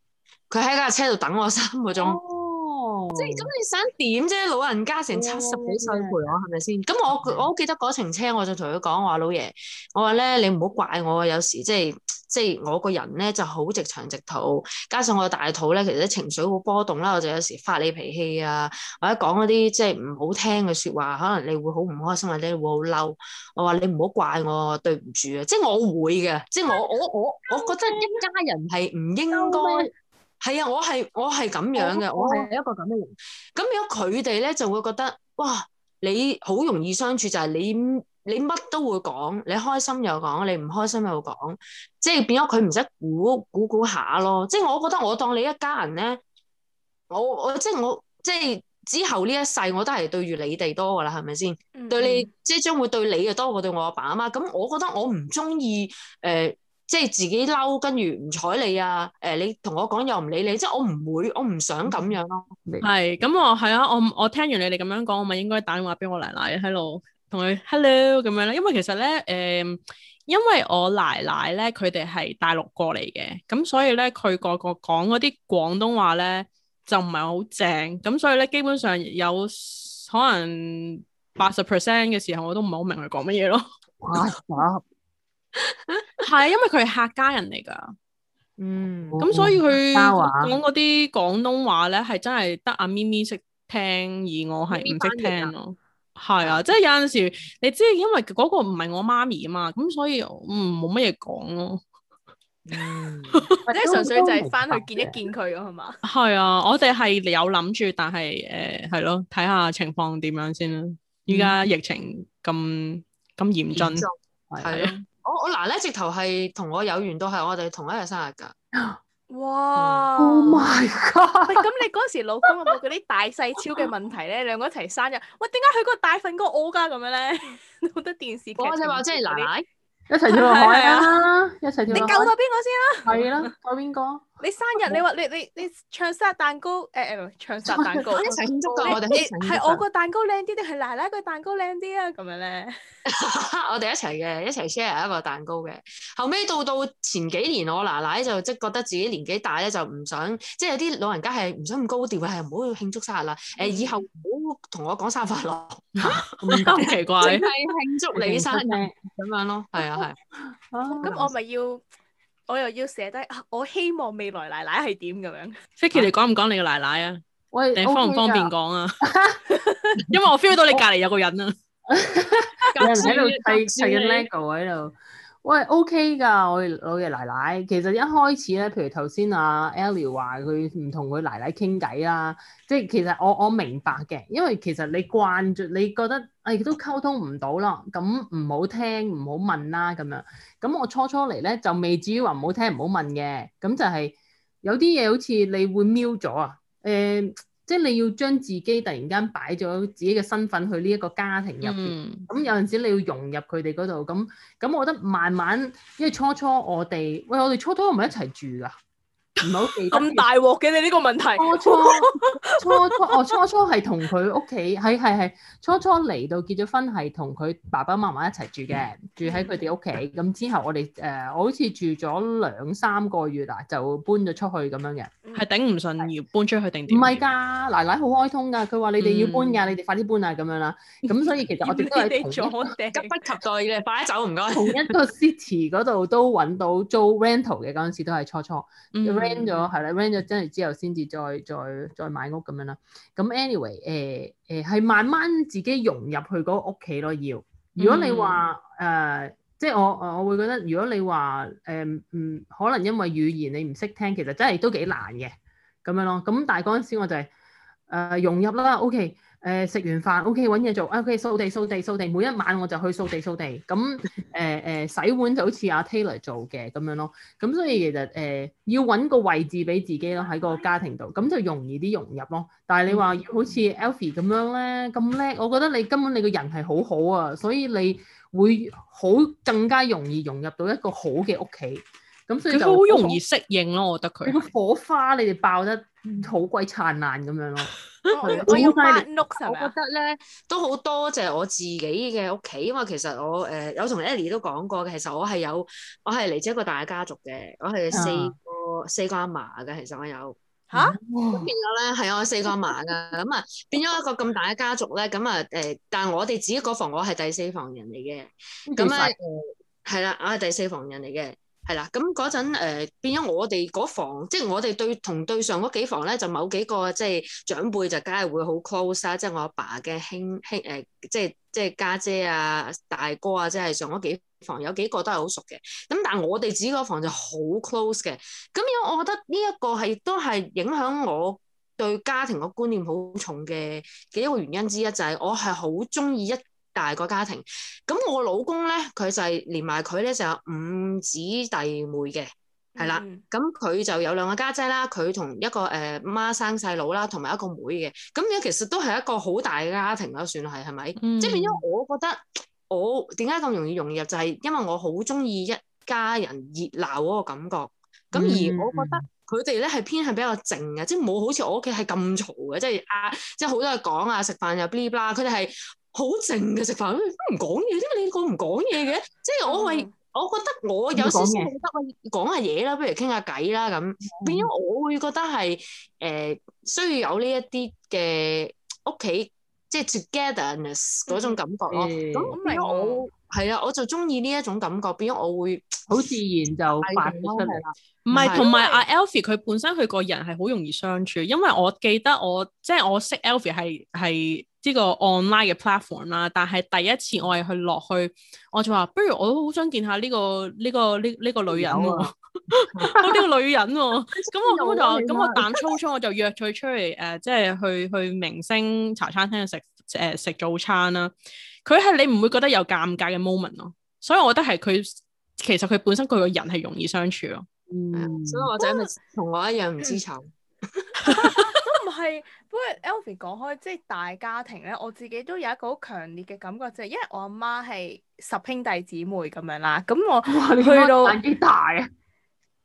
佢喺架車度等我三個鐘。哦。哦、即係咁你想點啫？老人家成七十幾歲陪我係咪先？咁我我記得嗰程車，我就同佢講，我話老爺，我話咧你唔好怪我。有時即係即係我個人咧就好直腸直肚，加上我大肚咧，其實情緒好波動啦，我就有時發你脾氣啊，或者講嗰啲即係唔好聽嘅說話，可能你會好唔開心或者你會好嬲。我話你唔好怪我，對唔住啊！即係我會嘅，即係我我我我，我覺得一家人係唔應該。係啊，我係我係咁樣嘅，我係、哦、我一個咁嘅人。咁如果佢哋咧就會覺得，哇，你好容易相處就係、是、你你乜都會講，你開心又講，你唔開心又講，即係變咗佢唔使估估估下咯。即係我覺得我當你一家人咧，我我即係我即係之後呢一世我都係對住你哋多噶啦，係咪先？嗯嗯，對你即係將會對你嘅多過對我阿爸阿媽。咁我覺得我唔中意誒。呃即係自己嬲，跟住唔睬你啊！誒、呃，你同我講又唔理你，即係我唔會，我唔想咁樣咯。係，咁我係啊，我我，我聽完你哋咁樣講，我咪應該打電話俾我奶奶喺度，同佢 hello 咁樣咧。因為其實咧，誒、嗯，因為我奶奶咧，佢哋係大陸過嚟嘅，咁所以咧，佢個個講嗰啲廣東話咧就唔係好正，咁所以咧，基本上有可能八十 percent 嘅時候，我都唔係好明佢講乜嘢咯。係，因為佢係客家人嚟噶，嗯，咁所以佢講嗰啲廣東話咧，係真係得阿咪咪識聽，而我係唔識聽咯。係啊，即係有陣時，你知因為嗰個唔係我媽咪啊嘛，咁所以嗯冇乜嘢講咯。嗯，即係純粹就係翻去見一見佢，係嘛？係啊，我哋係有諗住，但係誒係咯，睇下情況點樣先啦。依家疫情咁咁嚴峻，係啊。我我嗱咧，啊、直頭係同我有緣，都係我哋同一日生日噶。哇、嗯、！Oh my god！咁 你嗰時老公有冇嗰啲大細超嘅問題咧？兩個 一齊生日，喂，點解佢個大份哥我噶咁樣咧？好 多電視劇。我正話即係奶奶一齊跳落海啊！是是啊一齊跳你救到邊個先啦、啊？係啦、 啊，救邊個？ 你生日，你話你你你唱生日蛋糕，誒、欸、誒唱生日蛋糕，慶祝你我哋，係我個蛋糕靚啲定係奶奶個蛋糕靚啲啊？咁樣咧， 我哋一齊嘅，一齊 share 一個蛋糕嘅。後尾到到前幾年，我奶奶就即係覺得自己年紀大咧，就唔想，即係有啲老人家係唔想咁高調嘅，係唔好慶祝生日啦。誒、嗯，以後唔好同我講生日快樂，咁 奇怪，淨係 慶祝你生日咁、啊、樣咯，係啊係。咁 我咪要？我又要寫低、啊，我希望未來奶奶係點咁樣？Ficky，你講唔講你個奶奶啊？你喂方唔方便講啊？ 因為我 feel 到你隔離有個人啦、啊，有人喺度砌砌緊 lego 喺度。喂，OK 㗎，我老爺奶奶，其實一開始咧，譬如頭先阿 Ellie 話佢唔同佢奶奶傾偈啦，即係其實我我明白嘅，因為其實你慣住，你覺得誒、哎、都溝通唔到咯，咁唔好聽，唔好問啦、啊、咁樣。咁我初初嚟咧就未至於話唔好聽唔好問嘅，咁就係、是、有啲嘢好似你會瞄咗啊，誒、呃。即係你要將自己突然間擺咗自己嘅身份去呢一個家庭入邊，咁、嗯、有陣時你要融入佢哋嗰度，咁咁我覺得慢慢，因為初初我哋喂，我哋初初唔係一齊住㗎。唔好記咁大鑊嘅你呢個問題。初初初初，我初初係同佢屋企喺，係係初初嚟到結咗婚係同佢爸爸媽媽一齊住嘅，住喺佢哋屋企。咁之後我哋誒，我好似住咗兩三個月啦，就搬咗出去咁樣嘅。係頂唔順要搬出去定點？唔係㗎，奶奶好開通㗎，佢話你哋要搬㗎，你哋快啲搬啊咁樣啦。咁所以其實我哋都係急不及待嘅，快啲走唔該。同一個 city 嗰度都揾到租 rental 嘅，嗰陣時都係初初。咗係啦 end 咗真係之後先至再再再買屋咁樣啦。咁 anyway 誒、呃、誒係、呃、慢慢自己融入去嗰個屋企咯。要如果你話誒、嗯呃，即係我我會覺得如果你話誒、呃、嗯，可能因為語言你唔識聽，其實真係都幾難嘅咁樣咯。咁但係嗰陣時我就係、是、誒、呃、融入啦、嗯。OK。誒食、呃、完飯，OK 揾嘢做，OK 掃地掃地掃地，每一晚我就去掃地掃地。咁誒誒洗碗就好似阿 Taylor 做嘅咁樣咯。咁所以其實誒、呃、要揾個位置俾自己咯，喺個家庭度，咁就容易啲融入咯。但係你話好似 Alfie 咁樣咧，咁叻，我覺得你根本你個人係好好啊，所以你會好更加容易融入到一個好嘅屋企。咁所以就好容易適應咯，我覺得佢。火花你哋爆得好鬼燦爛咁樣咯～哦、我我要翻碌，嗯、我覺得咧、嗯、都好多謝我自己嘅屋企，因為其實我誒、呃、有同 Eddie 都講過，其實我係有我係嚟自一個大家族嘅，我係四個、啊、四個阿嫲嘅。其實我有吓，咁、啊、變咗咧係我四個阿嫲噶，咁啊 變咗一個咁大嘅家族咧，咁啊誒，但我哋自己嗰房我係第四房人嚟嘅，咁啊係啦，我係第四房人嚟嘅。係啦，咁嗰陣誒變咗我哋嗰房，即係我哋對同對上嗰幾房咧，就某幾個即係長輩就梗係會好 close 啦，即係我阿爸嘅兄兄誒，即係即係家姐啊、大哥啊，即係上嗰幾房有幾個都係好熟嘅。咁但係我哋自己嗰房就好 close 嘅。咁因為我覺得呢一個係亦都係影響我對家庭個觀念好重嘅幾一個原因之一，就係、是、我係好中意一大個家庭，咁我老公咧，佢就係、是、連埋佢咧就有五姊弟妹嘅，係啦，咁佢就有兩個家姐、姐啦，佢同一個誒媽生細佬啦，同埋一個妹嘅，咁而其實都係一個好大嘅家庭啦，算係係咪？嗯、即係變咗我覺得我點解咁容易融入，就係、是、因為我好中意一家人熱鬧嗰個感覺，咁、嗯、而我覺得佢哋咧係偏向比較靜嘅，即係冇好似我屋企係咁嘈嘅，即係啊即係好多嘢講啊，食飯、啊、又嗶啦，佢哋係。好靜嘅食飯，都唔講嘢，點解你個唔講嘢嘅？嗯、即係我係，我覺得我有少少得我講下嘢啦，不如傾下偈啦咁。變咗、嗯、我會覺得係誒、呃，需要有呢一啲嘅屋企，即係 togetherness 嗰種感覺咯。咁咪我係啊，我就中意呢一種感覺。變咗我會好自然就發生唔係，同埋阿 Alfie 佢本身佢個人係好容易相處，因為我記得我即係我識 Alfie 係係。呢個 online 嘅 platform 啦，但係第一次我係去落去，我就話不如我都好想見下呢、這個呢、這個呢呢、這個女人喎，呢、啊、 個女人喎、啊，咁 我根本就咁、啊、我膽粗粗， 我，滔滔我就約佢出嚟誒、呃，即係去去，去明星茶餐廳食誒食早餐啦。佢係你唔會覺得有尷尬嘅 moment 咯，所以我覺得係佢其實佢本身佢個人係容易相處咯。嗯，所以我仔咪同我一樣唔知醜。 係，不過 Elvy 講開即係大家庭咧，我自己都有一個好強烈嘅感覺，就係因為我阿媽係十兄弟姊妹咁樣啦。咁我去到幾大啊！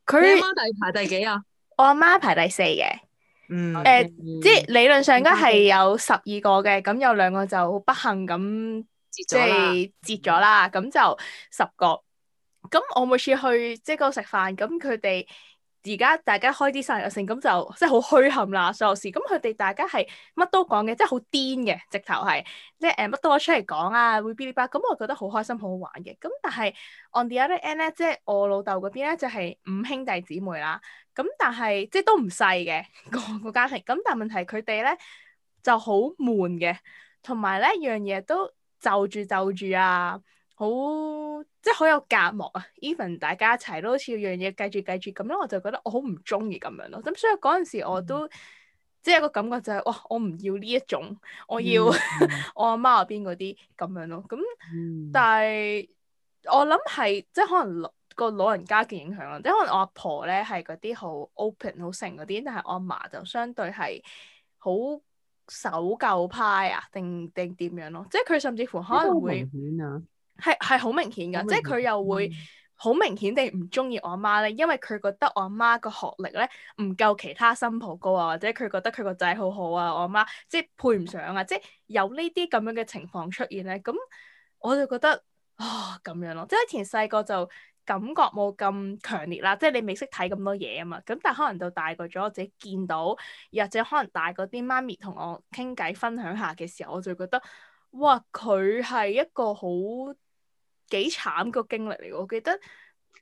佢阿媽第排第幾啊？我阿媽排第四嘅。以嗯。誒、呃，嗯、即係理論上家係有十二個嘅，咁有兩個就不幸咁即係截咗啦。咁就十個。咁我每次去即係個食飯，咁佢哋。而家大家開啲生日性，咁就即係好虛冚啦，所有事。咁佢哋大家係乜都講嘅，即係好癲嘅，直頭係即係誒乜都攞出嚟講啊，會噼哩啪咁，我覺得好開心，好好玩嘅。咁但係 on the other end 咧，即係我老豆嗰邊咧就係五兄弟姊妹啦。咁但係即係都唔細嘅個個家庭。咁但係問題佢哋咧就好悶嘅，同埋咧樣嘢都就住就住啊，好～即係好有隔膜啊，even 大家一齊都好似要樣嘢，計住計住咁咧，我就覺得我好唔中意咁樣咯。咁所以嗰陣時我都、嗯、即係有個感覺就係、是、哇，我唔要呢一種，我要、嗯、 我阿媽嗰邊嗰啲咁樣咯。咁但係我諗係即係可能老個老人家嘅影響咯，即係可能我阿婆咧係嗰啲好 open 好醒嗰啲，但係我阿嫲就相對係好守舊派啊，定定點樣咯？即係佢甚至乎可能會。係係好明顯噶顯，即係佢又會好明顯地唔中意我阿媽咧，嗯、因為佢覺得我阿媽個學歷咧唔夠其他新抱高啊，或者佢覺得佢個仔好好啊，我阿媽即係配唔上啊，即係、嗯、有呢啲咁樣嘅情況出現咧，咁我就覺得啊咁、呃、樣咯，即係以前細個就感覺冇咁強烈啦，即係你未識睇咁多嘢啊嘛，咁但係可能就大個咗我自己見到，或者可能大個啲媽咪同我傾偈分享下嘅時候，我就覺得哇佢係一個好。幾慘個經歷嚟，我記得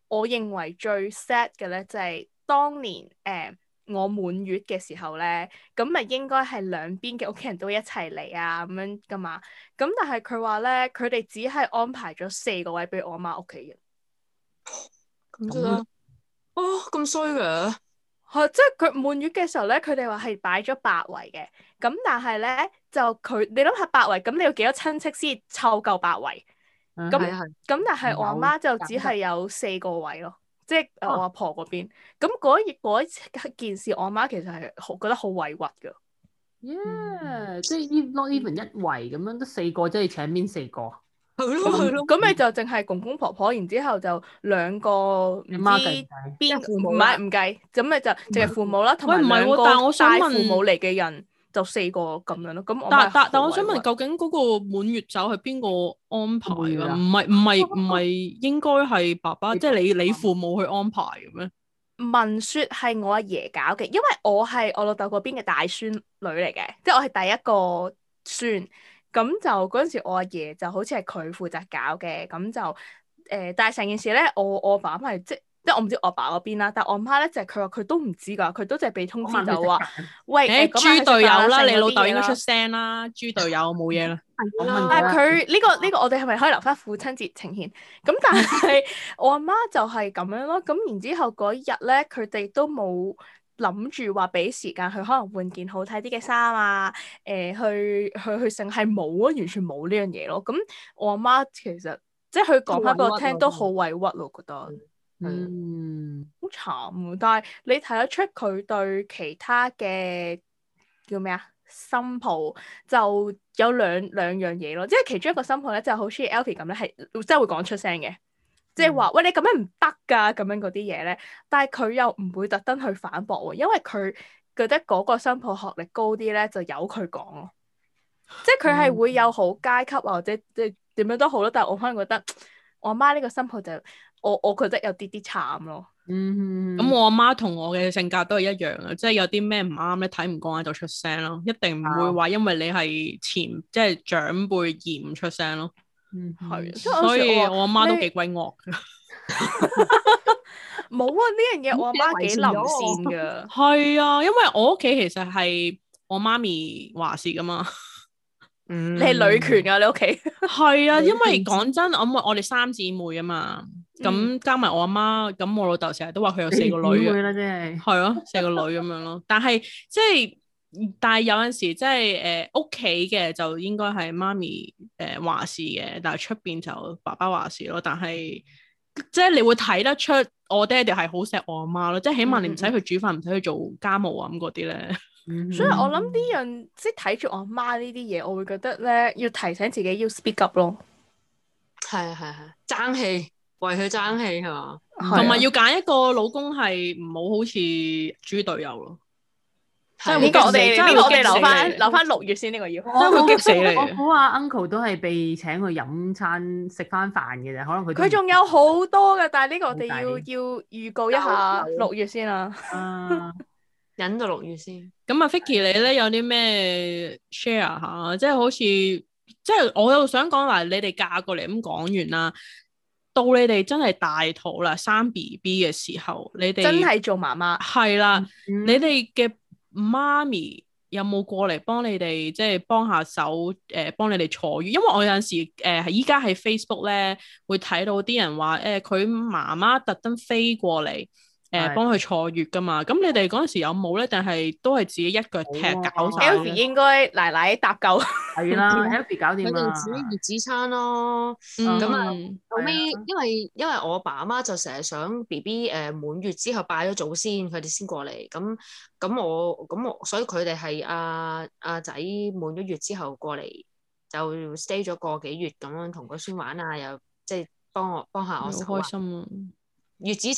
我認為最 sad 嘅咧，就係當年誒、呃、我滿月嘅時候咧，咁咪應該係兩邊嘅屋企人都一齊嚟啊咁樣噶嘛，咁但係佢話咧，佢哋只係安排咗四個位俾我阿媽屋企嘅。咁啫嘛，咁衰嘅，係、啊、即係佢滿月嘅時候咧，佢哋話係擺咗八圍嘅，咁但係咧就佢你諗下八圍，咁你要幾多親戚先湊夠八圍？咁咁，嗯、但係、嗯、我阿媽就只係有四個位咯，即係我阿婆嗰邊。咁嗰嗰件事，我阿媽其實係好覺得好委屈㗎。Yeah，即係依攞依邊一圍咁樣，得四個，即係請邊四個？係咯係咯。咁咪、嗯嗯、就淨係公公婆婆，然之後就兩個媽媽算算邊邊父母，唔係唔計。咁咪就淨係父母啦，同埋唔但我想帶父母嚟嘅人。就四個咁樣咯，咁但但但我想問，究竟嗰個滿月酒係邊個安排㗎？唔係唔係唔係，應該係爸爸，即係 你你父母去安排嘅咩？聞説係我阿爺搞嘅，因為我係我老豆嗰邊嘅大孫女嚟嘅，即係我係第一個孫。咁就嗰陣時，我阿爺就好似係佢負責搞嘅，咁就誒、呃，但係成件事咧，我我爸爸係即。即係我唔知我爸嗰邊啦，但係我阿媽咧就係佢話佢都唔知噶，佢都淨係被通知就話喂豬隊、欸欸、友啦，你老豆應該出聲啦，豬隊友我冇嘢啦。了那個、但係佢呢個呢、這個我哋係咪可以留翻父親節呈現？咁但係我阿媽就係咁樣咯。咁然之後嗰日咧，佢哋都冇諗住話俾時間去可能換件好睇啲嘅衫啊，誒、呃，去去去剩係冇啊，完全冇呢樣嘢咯。咁我阿媽其實即係佢講翻俾我聽都好委屈咯很、啊，覺得。嗯，好慘啊，但係你睇得出佢對其他嘅叫咩啊，新抱就有兩兩樣嘢咯，即係其中一個新抱咧，就好似 Alfie 咁咧，係係會講出聲嘅，即係話喂，你咁樣唔得噶，咁樣嗰啲嘢咧，但係佢又唔會特登去反駁喎，因為佢覺得嗰個新抱學歷高啲咧，就由佢講咯，即係佢係會有好階級或者即係點樣都好咯，但係我可能覺得我媽呢個新抱就。我我覺得有啲啲慘咯，嗯哼，咁我阿媽同我嘅性格都係一樣嘅，即係有啲咩唔啱咧，睇唔慣就出聲咯，一定唔會話因為你係前、嗯、哼即係長輩而唔出聲咯，嗯哼，係啊，所以我阿媽，媽都幾鬼惡㗎，冇啊呢樣嘢我阿媽幾諗線㗎，係 啊，因為我屋企其實係我媽咪話事㗎嘛。嗯、你係女權㗎，你屋企係啊，因為講真，我我哋三姊妹啊嘛，咁、嗯、加埋我阿媽，咁我老豆成日都話佢有四個女，係咯、啊，四個女咁樣咯。 但係即係，但係有陣時即係，誒、呃，屋企嘅就應該係媽咪誒、呃、話事嘅，但係出邊就爸爸話事咯。但係即係你會睇得出我爹哋係好錫我阿媽咯，即係起碼你唔使去煮飯，唔使去做家務啊咁嗰啲咧。所以，我諗呢樣即係睇住我阿媽呢啲嘢，我會覺得呢，要提醒自己要 speak up 咯。係啊係係，爭氣，為佢爭氣係嘛。同埋要揀一個老公係唔好好似豬隊友咯。真係我哋，我哋留翻留翻六月先呢個要。真係會激死你。我估阿 uncle 都係被請去飲餐食翻飯嘅啫，可能佢佢仲有好多㗎，但係呢個我哋要要預告一下六月先啦。忍到六月先。咁、嗯、啊，Vicky 你咧有啲咩 share 下？即係好似，即係我又想講嗱，你哋嫁過嚟咁講完啦，到你哋真係大肚啦，生 B B 嘅時候，你哋真係做媽媽係啦。嗯、你哋嘅媽咪有冇過嚟幫你哋，即係幫下手？誒、呃，幫你哋坐月。因為我有陣時誒，依、呃、家喺 Facebook 咧會睇到啲人話，誒、呃，佢媽媽特登飛過嚟。誒幫佢坐月㗎嘛，咁你哋嗰陣時有冇咧？但係都係自己一腳踢搞晒。Elvy，啊、應該奶奶搭救。係啦，Elvy 搞掂啦。煮 月子餐咯，咁啊後屘，嗯、因為因為我阿爸阿媽就成日想 B B 誒滿月之後拜咗祖先，佢哋先過嚟。咁咁我咁所以佢哋係阿阿仔滿咗月之後過嚟，就 stay 咗個幾月咁樣同個孫玩、嗯嗯、啊，又即係幫我幫下我。先開心月子餐，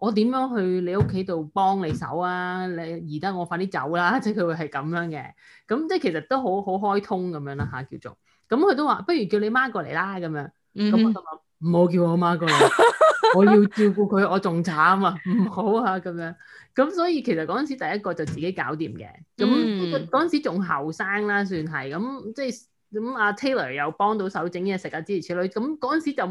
我點樣去你屋企度幫你手啊？你宜得我快啲走啦！即係佢會係咁樣嘅，咁即係其實都好好開通咁樣啦嚇、啊，叫做。咁佢都話，不如叫你媽過嚟啦咁樣。咁、嗯、哼我就話唔好叫我媽過嚟， 我要照顧佢，我仲慘啊！唔好啊咁樣。咁所以其實嗰陣時第一個就自己搞掂嘅。咁嗰陣時仲後生啦，算係。咁即係。咁阿、嗯啊、Taylor 又幫到手整嘢食啊，諸如此類。咁嗰陣時就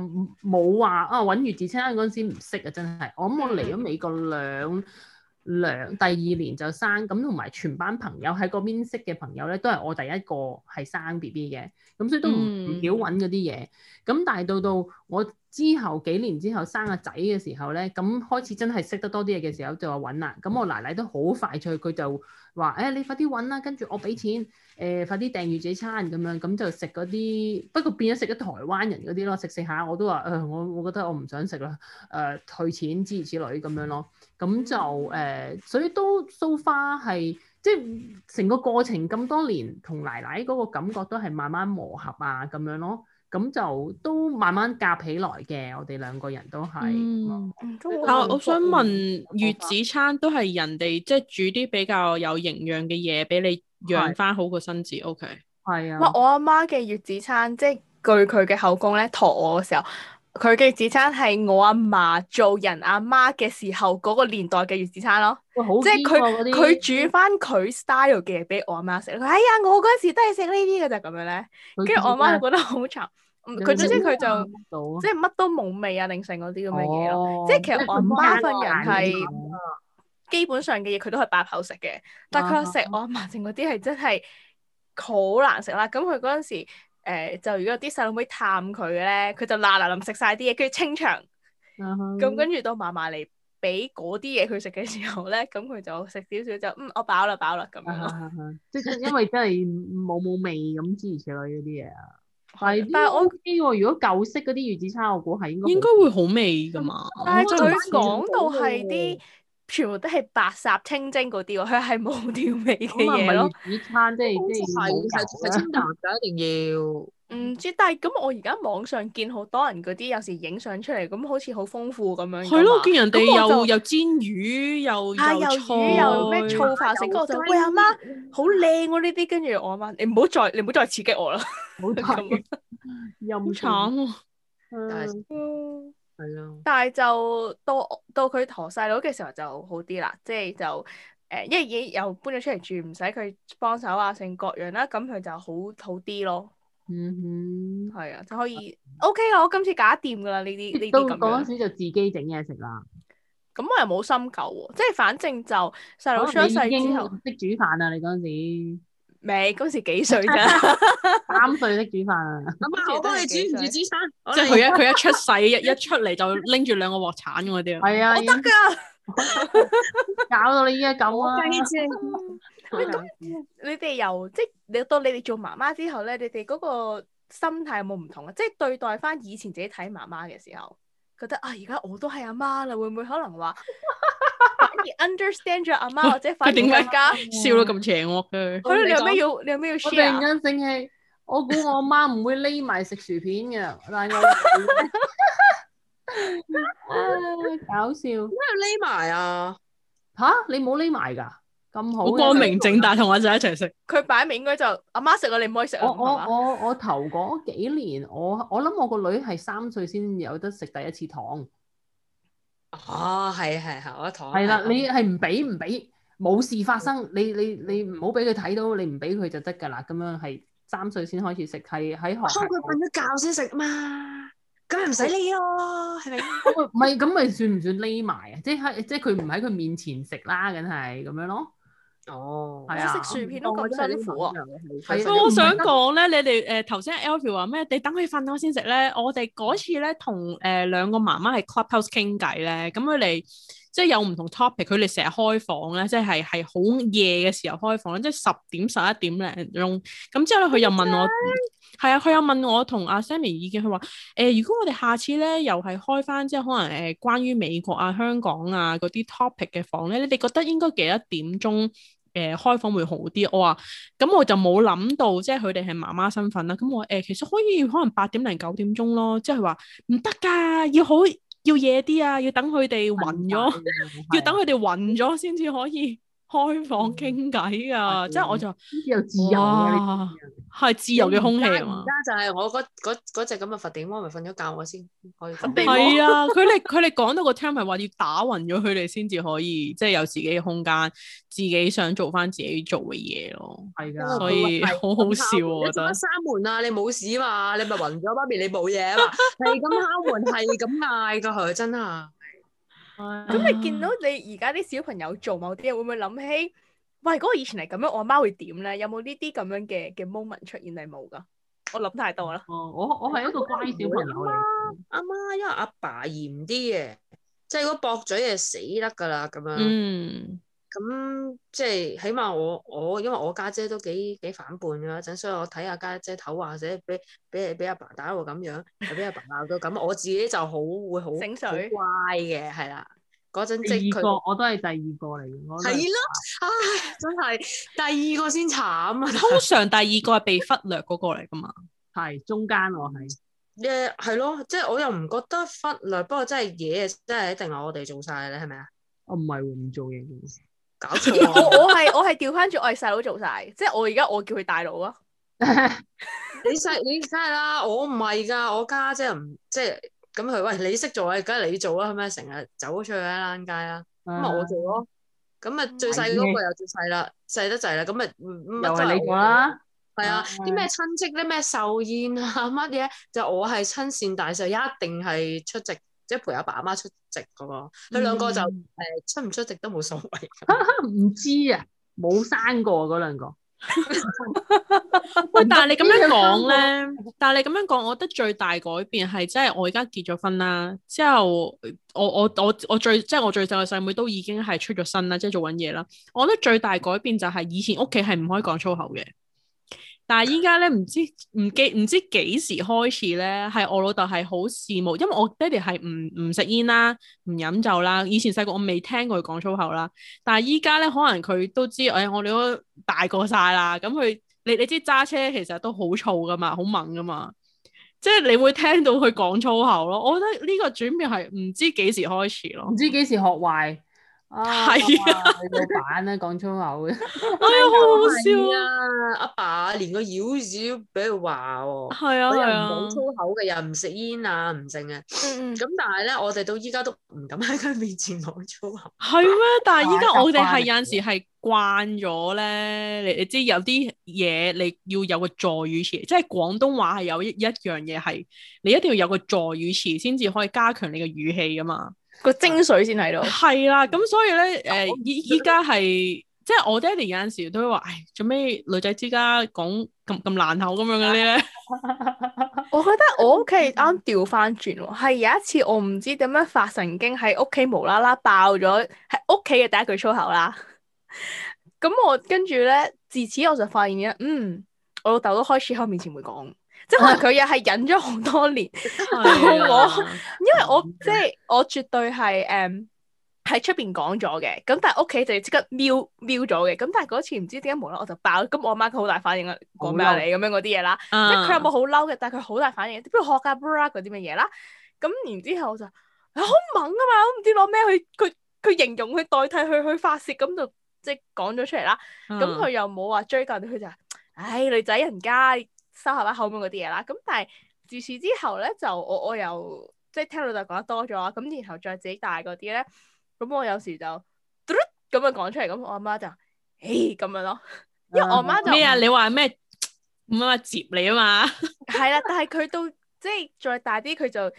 冇話啊揾月子餐，嗰陣時唔識啊，真係。我咁我嚟咗美國兩、嗯、兩第二年就生，咁同埋全班朋友喺嗰邊識嘅朋友咧，都係我第一個係生 BB 嘅。咁、嗯、所以都唔唔曉揾嗰啲嘢。咁、嗯嗯、但係到到我之後幾年之後生個仔嘅時候咧，咁、嗯、開始真係識得多啲嘢嘅時候就話揾啦。咁、嗯、我奶奶都好快脆，佢就～話誒、欸，你快啲揾啦，跟住我俾錢，誒、呃、快啲訂完自己餐咁樣，咁就食嗰啲，不過變咗食咗台灣人嗰啲咯，食食下我都話誒，我、呃、我覺得我唔想食啦，誒、呃、退錢之如此類咁樣咯，咁就誒、呃，所以都 so far 係即係成個過程咁多年同奶奶嗰個感覺都係慢慢磨合啊咁樣咯。咁就都慢慢夾起來嘅，我哋兩個人都係。但我想問月子餐都係人哋即係煮啲比較有營養嘅嘢俾你養翻好個身子，係，OK？係啊。我阿媽嘅月子餐，即係據佢嘅口供咧，陀我嘅時候。佢嘅月子餐係我阿嫲做人阿媽嘅時候，嗰個年代嘅月子餐咯，即係佢佢煮翻佢 style 嘅嘢俾我阿媽食。佢，哎呀，我嗰陣時都係食呢啲嘅就咁樣咧。跟住我阿媽覺得好慘，佢總之佢就，就即係乜都冇味啊，定食嗰啲咁嘅嘢咯。哦、即係其實我媽份人係基本上嘅嘢佢都係八口食嘅，嗯、但係佢食我阿嫲整嗰啲係真係好難食啦。咁佢嗰陣時。誒、呃，就如果有啲細路妹探佢咧，佢就嗱嗱臨食晒啲嘢，uh huh. 跟住清場，咁跟住到嫲嫲嚟俾嗰啲嘢佢食嘅時候咧，咁佢就食少少就嗯我飽啦飽啦，咁即係因為真係冇冇味咁之類，食落嗰啲嘢啊。但係 O K 喎，如果舊式嗰啲魚子餐，我估係應該應該會好味噶嘛。但係佢講到係啲。全部都係白霎清蒸嗰啲喎，佢係冇調味嘅嘢。唔係咯。魚餐即係即係冇曬，清淡就一定要。唔知，但係咁我而家網上見好多人嗰啲，有時影相出嚟，咁好似好豐富咁樣。係咯，見人哋又又煎魚，又又醋，又咩醋化食。跟住我就喂阿媽，好靚喎呢啲。跟住我阿媽，你唔好再，你唔好再刺激我啦。唔好咁啊！好慘喎。係咯，但係就到到佢陀細佬嘅時候就好啲啦，即係就誒、呃，因為已經又搬咗出嚟住，唔使佢幫手啊，成各樣啦，咁佢就好好啲咯。嗯哼，係啊，就可以、嗯、哼 OK 啦，我今次搞掂噶啦呢啲呢啲咁樣。到嗰陣時就自己整嘢食啦。咁我又冇心究喎、啊，即係反正就細佬出咗世之後，識煮飯啊？你嗰陣時？未嗰時幾歲啫？ 三歲識煮飯啊！咁啊，我都係煮唔住煮生。即係佢一佢一出世，一一出嚟就拎住兩個鑊鏟，我哋係啊，得噶，搞到你依家咁啊！ 你你哋又即係你到你哋做媽媽之後咧，你哋嗰個心態有冇唔同啊？即係 對待翻以前自己睇媽媽嘅時候，覺得啊，而家我都係阿媽啦，會唔會可能話？ 你 understand 咗阿媽或者快啲笑到咁邪惡嘅，嗯、說你有咩要？你，說你有咩要 share 啊？我突然間生氣，我估我阿媽唔會匿埋食薯片嘅，但係我……哎、 啊，搞笑！咩匿埋啊？吓、啊，你冇匿埋噶？咁好、啊，光明正大同我仔一齊食。佢擺明應該就阿媽食，我你唔可以食。我我我我，我頭嗰幾年，我我諗我個女係三歲先有得食第一次糖。哦，係係係，我一台係啦，的你係唔俾，唔俾，冇事發生，嗯、你你你唔好俾佢睇到，你唔俾佢就得噶啦，咁樣係三歲先開始食，係喺學。開佢瞓咗覺先食嘛，咁又唔使匿咯，係咪？唔係咁咪算唔算匿埋啊？是是 算算，即係即係佢唔喺佢面前食啦，梗係咁樣咯。哦，食薯片、嗯、都咁辛苦啊！不過的的我想講咧的、呃，你哋誒頭先 Alfie 話咩？你等佢瞓咗先食咧。我哋嗰次咧同誒兩個媽媽係 Clubhouse 傾偈咧，咁佢哋即係有唔同 topic，佢哋成日開房咧，即係係好夜嘅時候開房即係十點十一點零鐘。咁、嗯、之後咧，佢又問我，係啊，佢又問我同阿 Sammy 意見，佢話誒，如果我哋下次咧又係開翻，即係可能誒、呃、關於美國啊、香港啊嗰啲 topic 嘅房咧，你哋覺得應該幾多點鐘？誒、呃、開房會好啲，我話咁我就冇諗到，即係佢哋係媽媽身份啦。咁我誒、欸、其實可以可能八點定九點鐘咯，即係話唔得㗎，要好要夜啲啊，要等佢哋暈咗，暈要等佢哋暈咗先至可以。開房傾偈啊！啊即係我就自由哇自由嘅，係自由嘅空氣嘛。而家就係我嗰嗰嗰隻咁嘅佛地魔咪瞓咗覺，我先可、啊、 可以。係啊，佢哋佢哋講到個 term 係話要打暈咗佢哋先至可以，即係有自己嘅空間，自己想做翻自己做嘅嘢咯。係噶的，所以好好笑啊！我覺得閂門啊，你冇事嘛？你咪暈咗，芭比你冇嘢啊嘛？係咁 敲門，係咁嗌噶佢，真係。咁、嗯、你見到你而家啲小朋友做某啲嘢，會唔會諗起？喂，嗰、嗰個以前係咁樣，我阿媽會點咧？有冇呢啲咁樣嘅嘅 moment 出現定冇噶？我諗太多啦、哦。我我係一個乖小朋友阿媽，因為阿爸嚴啲嘅，即係嗰個駁嘴係死得噶啦咁樣。嗯咁即係，起碼我我因為我家姐都幾幾反叛嗰陣，所以我睇下家姐頭，或者俾俾俾阿爸打喎咁樣，又俾阿爸鬧咗咁，我自己就好會好乖嘅係啦。嗰陣即係佢，我都係第二個嚟嘅。係咯，唉，真係第二個先慘啊！通常第二個係被忽略嗰個嚟㗎嘛，係中間我係誒係咯，即係我又唔覺得忽略，不過真係嘢真係一定係我哋做晒咧，係咪啊？我唔係喎，唔做嘢搞錯 我我係我係調翻住我係細佬做晒，即係我而家我叫佢大佬啊！ 你細你梗係啦，我唔係噶，我家姐唔即係咁佢喂，你識做啊，梗係你做啊，係咪？成日走出去 𨁂 街啊，咁啊我做咯，咁啊最細嗰個又最細啦，細得滯啦，咁啊乜都嚟你做啦，係、uh, uh, 啊，啲咩親戚啲咩壽宴啊，乜嘢就是、我係親善大使一定係出席。即係陪阿爸阿媽出席噶喎，佢兩、嗯、個就誒出唔出席都冇所謂。唔 知啊，冇生過嗰兩個。喂 但係你咁樣講咧，但係你咁樣講，我覺得最大改變係即係我而家結咗婚啦，之後我我我我最即係我最細嘅細妹都已經係出咗身啦，即係做緊嘢啦。我覺得最大改變就係以前屋企係唔可以講粗口嘅。但係依家咧唔知唔記，唔知幾時開始咧，係我老豆係好羨慕，因為我爹哋係唔唔食煙啦，唔飲酒啦。以前細個我未聽過佢講粗口啦。但係依家咧，可能佢都知，哎，我哋都大個晒啦。咁佢你你知揸車其實都好躁噶嘛，好猛噶嘛，即係你會聽到佢講粗口咯。我覺得呢個轉變係唔知幾時開始咯，唔知幾時學壞。.係啊，你個版咧講粗口嘅，哎呀，好好笑啊！阿爸，爸連個妖妖俾佢話喎，係啊係啊，又唔講粗口嘅，人唔食煙啊，唔剩嘅。咁但係咧，嗯、我哋到依家都唔敢喺佢面前講粗口，係咩、啊？但係依家我哋係有陣時係慣咗咧。你你知有啲嘢你要有個助語詞，即係廣東話係有一一樣嘢係，一你一定要有個助語詞先至可以加強你嘅語氣噶嘛。個精髓先喺度，係啦，咁 所以咧，誒、呃，依依家係，即係我爹哋有陣時都會話，唉，做咩女仔之家講咁咁爛口咁樣嗰啲咧？ 我覺得我屋企係啱調翻轉喎，係 有一次我唔知點樣發神經喺屋企無啦啦爆咗，喺屋企嘅第一句粗口啦。咁 我跟住咧，自此我就發現咗，嗯。我老豆都開始喺我面前會講，即係可能佢又係忍咗好多年。到我、啊， 因為我、嗯、即係我絕對係誒喺出邊講咗嘅，咁、um, 但係屋企就即刻瞄瞄咗嘅。咁但係嗰次唔知點解無啦我就爆，咁我媽佢好大反應啊，講咩你咁樣嗰啲嘢啦，即係佢有冇好嬲嘅？但係佢好大反應，不如學架布 r 嗰啲乜嘢啦。咁然之後我就好猛啊嘛，我唔知攞咩去佢佢形容去代替去去發泄，咁就即係講咗出嚟啦。咁佢又冇話追近，佢就。唉、哎，女仔人家收下啦，後面嗰啲嘢啦。咁但係自此之後咧，就我我又即係聽老豆講得多咗，咁然後再自己大嗰啲咧，咁、嗯、我有時就咁樣講出嚟，咁我阿媽就，唉咁樣咯。因為我媽就咩啊、嗯？你話咩？唔啱啊，接你啊嘛。係 啦， 但係佢都，即係再大啲，佢就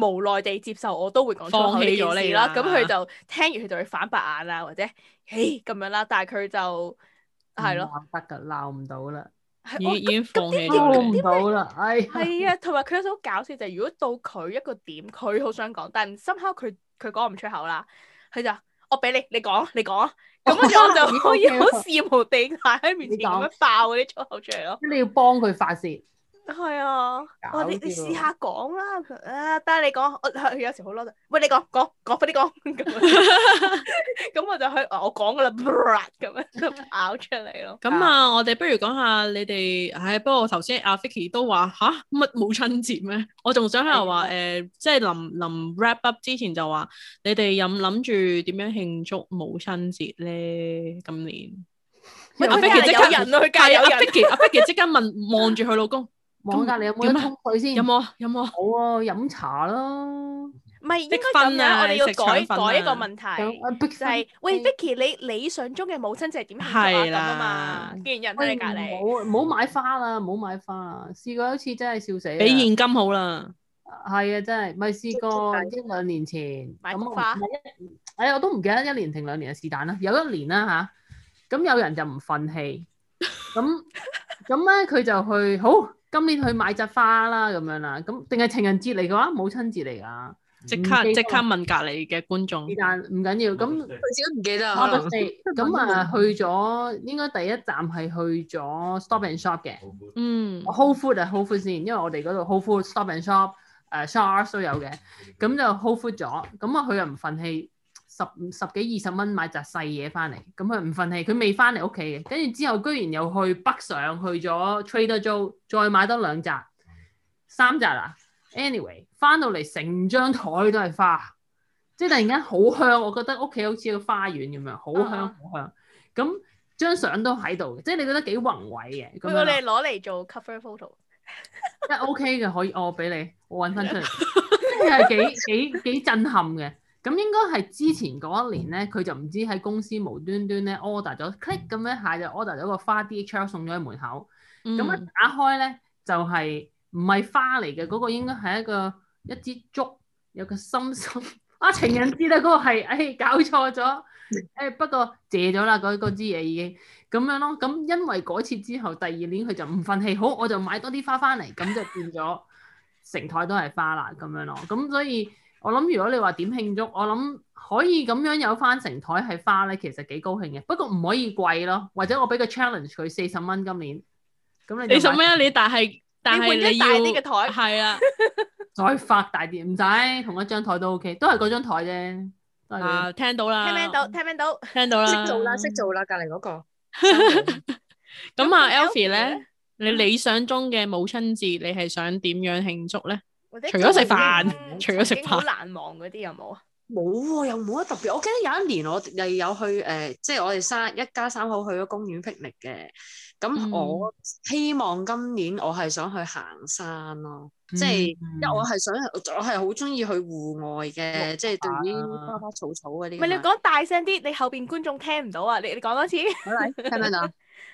無奈地接受我，我都會講放棄咗你啦。咁佢就聽完佢就會反白眼啦，或者唉咁樣啦。但係佢就。係咯，得噶，鬧唔到啦，已已經防住，防唔、哦、到啦，唉、哎，係啊，同埋佢有好搞笑就係、是，如果到佢一個點，佢好想講，但係深刻佢佢講唔出口啦，佢就我俾你，你講，你講，咁樣就可以好肆無忌憚咁喺面前咁樣爆嗰啲粗口出嚟咯，咁你，你要幫佢發洩。係啊，我哋你試下講啦，啊得你講，我有有時好嬲喂你講講講快啲講，咁我就去我講噶啦咁樣咁咬出嚟咯。咁啊，我哋不如講下你哋，唉、哎，不過頭先阿 Ficky 都話吓乜母親節咩？我仲想喺度話誒，即係臨臨 wrap up 之前就話，你哋有諗住點樣慶祝母親節咧？今年阿 Ficky 即刻有人去教，阿有人，有人阿阿即刻問望住佢老公。我隔籬有冇得充水先？有冇？有冇？好啊！飲茶啦。唔係，應該點啊？我哋要改改一個問題，係喂 Vicky，你理想中嘅母親就係點形狀嘛？既然有人喺你隔籬。好唔好買花啦，唔好買花啊！試過一次真係笑死。俾現金好啦，係啊，真係咪試過？一兩年前買花。哎呀，我都唔記得一年定兩年嘅是但啦，有一年啦吓。咁有人就唔憤氣，咁咁咧佢就去好。今年去買紮花啦，咁樣啦，咁定係情人節嚟嘅話，母親節嚟噶，即刻即刻問隔籬嘅觀眾。但唔緊要，咁佢自己唔記得。咁啊可能，去咗應該第一站係去咗 stop and shop 嘅。嗯，Whole Food 啊 Whole Food 先，因為我哋嗰度 Whole Food stop and shop，誒、uh,，shops 都有嘅，咁、嗯、就 Whole Food 咗。咁啊，佢又唔忿氣。十十幾二十蚊買紮細嘢翻嚟，咁佢唔忿氣，佢未翻嚟屋企嘅。跟住之後，居然又去北上，去咗 Trader Joe，再買多兩紮、三紮啦。Anyway，翻到嚟成張台都係花，即係突然間好香，我覺得屋企好似個花園咁樣，好香好香。咁、啊啊、張相都喺度，即係你覺得幾宏偉嘅。如果你攞嚟做 cover photo，即係 OK 嘅，可以我俾你，我揾翻出嚟，真係 幾幾幾震撼嘅。咁應該係之前嗰一年咧，佢就唔知喺公司無端端咧 order 咗 click 咁樣下就 order 咗個花 DHL 送咗喺門口。咁咧、嗯、打開咧就係唔係花嚟嘅，嗰、那個應該係一個一支竹有個心心 啊情人節啦，嗰、那個係唉、哎、搞錯咗唉、 哎、不過謝咗啦嗰支嘢已經咁樣咯。咁因為嗰次之後第二年佢就唔憤氣，好我就買多啲花翻嚟，咁就變咗成台都係花啦咁樣咯。咁所以。我諗如果你話點慶祝，我諗可以咁樣有翻成台係花咧，其實幾高興嘅。不過唔可以貴咯，或者我俾個 challenge 佢四十蚊今年。咁你四十咩？你但係但係你要大啲嘅台。係啊，再發大啲唔使同一張台都 OK，都係嗰張台啫。啊，聽到啦，聽到，聽到，聽到啦，識做啦，識做啦，隔離嗰個。咁啊，Alfie 咧，你理想中嘅母親節你係想點樣慶祝咧？除咗食飯，除咗食飯，好難忘嗰啲有冇啊？冇喎，又冇乜特別。我記得有一年我又有去誒，即係我哋三一家三口去咗公園 picnic 嘅。咁我希望今年我係想去行山咯，即係因為我係想，我係好中意去戶外嘅，即係對於花花草草嗰啲。唔係，你講大聲啲，你後邊觀眾聽唔到啊！你，你講多次，係咪啊？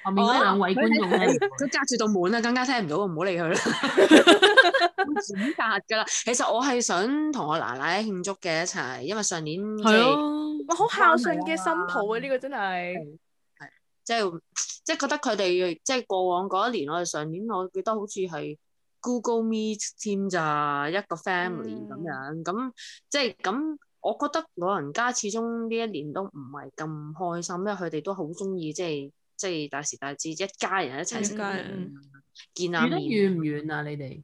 後面嗰兩位觀眾咧，佢隔 住道門啊，更加聽唔到，唔好理佢啦。選擇噶啦，其實我係想同我奶奶慶祝嘅一齊，因為上年係、就、咯、是，我好孝順嘅新抱啊，呢、嗯、個真係係，即係即係覺得佢哋即係過往嗰一年，我哋上年我記得好似係 Google Meet Team 咋、嗯、一個 family 咁樣，咁即係咁，就是、我覺得老人家始終呢一年都唔係咁開心，因為佢哋都好中意即係。即係大時大節一家人一齊，出街。人見下面遠唔遠啊？你哋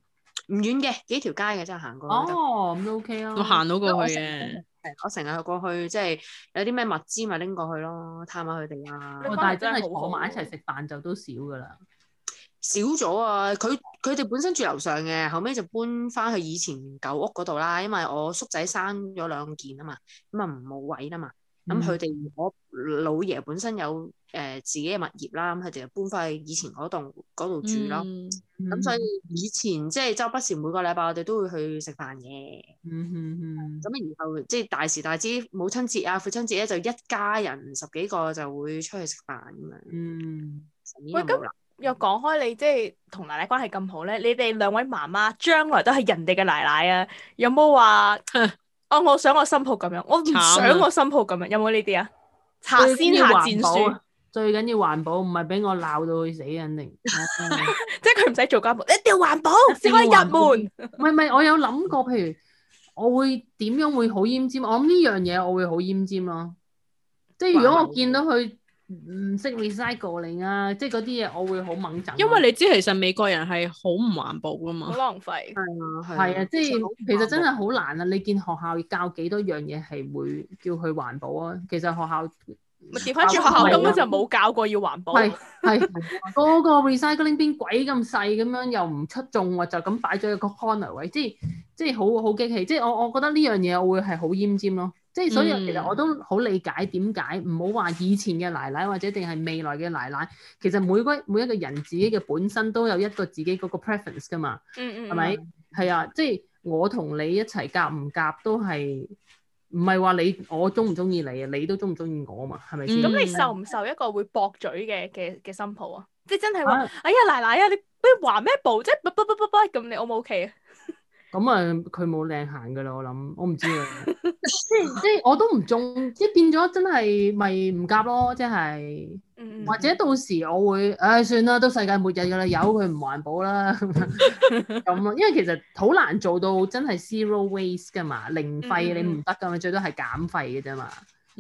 唔遠嘅，幾條街嘅，真係行過去哦，咁都 OK 啊！我行到過去嘅，我成日去過去，即係有啲咩物資咪拎過去咯，探下佢哋啊。哦、但係真係坐埋一齊食飯就都少噶啦。哦、少咗、嗯、啊！佢佢哋本身住樓上嘅，後尾就搬翻去以前舊屋嗰度啦。因為我叔仔生咗兩件啊嘛，咁啊唔冇位啦嘛，咁佢哋如果。老爺本身有誒、呃、自己嘅物業啦，咁佢哋就搬翻去以前嗰棟度住咯。咁、嗯嗯、所以以前即係周不時每個禮拜我哋都會去食飯嘅。咁、嗯嗯嗯、然後即係大時大節母親節啊父親節咧就一家人十幾個就會出去食飯咁樣。嗯、有有喂，咁又講開你即係同奶奶關係咁好咧，你哋兩位媽媽將來都係人哋嘅奶奶啊？有冇話、嗯、哦？我想我新抱咁樣，我唔想我新抱咁樣，了有冇呢啲啊？拆先下戰書，最緊要環保，唔係俾我鬧到去死肯定。即係佢唔使做家務，一定要環保先 可以入門。唔係唔係，我有諗過，譬如我會點樣會好奄尖？我諗呢樣嘢我會好奄尖咯。即係如果我見到佢。保 唔識 recycling 啊，即係嗰啲嘢我會好猛整。因為你知其實美國人係好唔環保噶嘛，好浪費，係啊係啊，即係其實真係好難啊！保你見學校教幾多樣嘢係會叫佢環保啊？其實學校咪調翻轉，學校根本、啊啊、就冇教過要環保。係係、啊，嗰、啊 啊嗰個 recycling 邊鬼咁細咁樣又唔出眾喎、啊，就咁擺咗一個 corner 位、啊，即係即係好好激氣。即係我我，我覺得呢樣嘢我會係好奄尖咯。即係所以，其實我都好理解點解唔好話以前嘅奶奶或者定係未來嘅奶奶，其實每個每一個人自己嘅本身都有一個自己嗰個 preference 噶嘛，係咪、嗯嗯？係啊，即係我同你一齊夾唔夾都係唔係話你我中唔中意你啊？你都中唔中意我啊？嘛係咪先？咁、嗯、你受唔受一個會駁嘴嘅嘅嘅新抱啊？即係真係話，啊、哎呀奶奶啊，你你話咩步？即係不不不不咁，你 O 唔 OK 啊？咁啊，佢冇靚行噶啦，我諗，我唔知啊， 即係即係我都唔中，即係變咗真係咪唔夾咯，即係，嗯、或者到時我會，唉、哎，算啦，都世界末日噶啦，由佢唔環保啦，咁咯，因為其實好難做到真係 zero waste 噶嘛，零廢你唔得噶嘛，最多係減廢嘅啫嘛。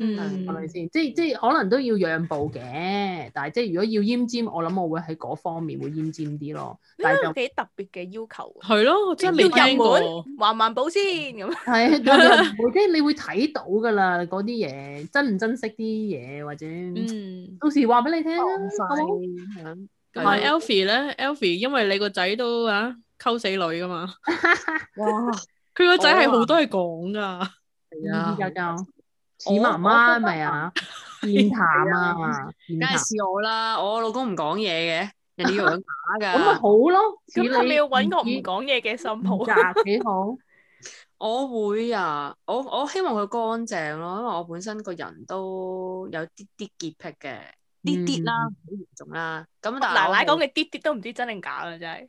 嗯，係咪先？即，即可能都要讓步嘅，但係即如果要奄尖，我諗我會喺嗰方面會奄尖啲咯。都幾特別嘅要求。係咯，真係未聽過。環環保先咁。係，即係你會睇到㗎啦，嗰啲嘢珍唔珍惜啲嘢或者。嗯，到時話俾你聽啊，好冇？係 Elfie 咧 Elfie 因為你個仔都啊溝死女㗎嘛。哇！佢個仔係好多嘢講㗎。係啊。似媽媽咪啊，面談啊，梗係試我啦！我老公唔講嘢嘅，人哋以為假噶，咁咪好咯？咁你咪要揾個唔講嘢嘅心抱㗎，幾好。我會啊，我我希望佢乾淨咯，因為我本身個人都有啲啲潔癖嘅，啲啲啦，好嚴重啦。咁但係奶奶講嘅啲啲都唔知真定假啦，真係。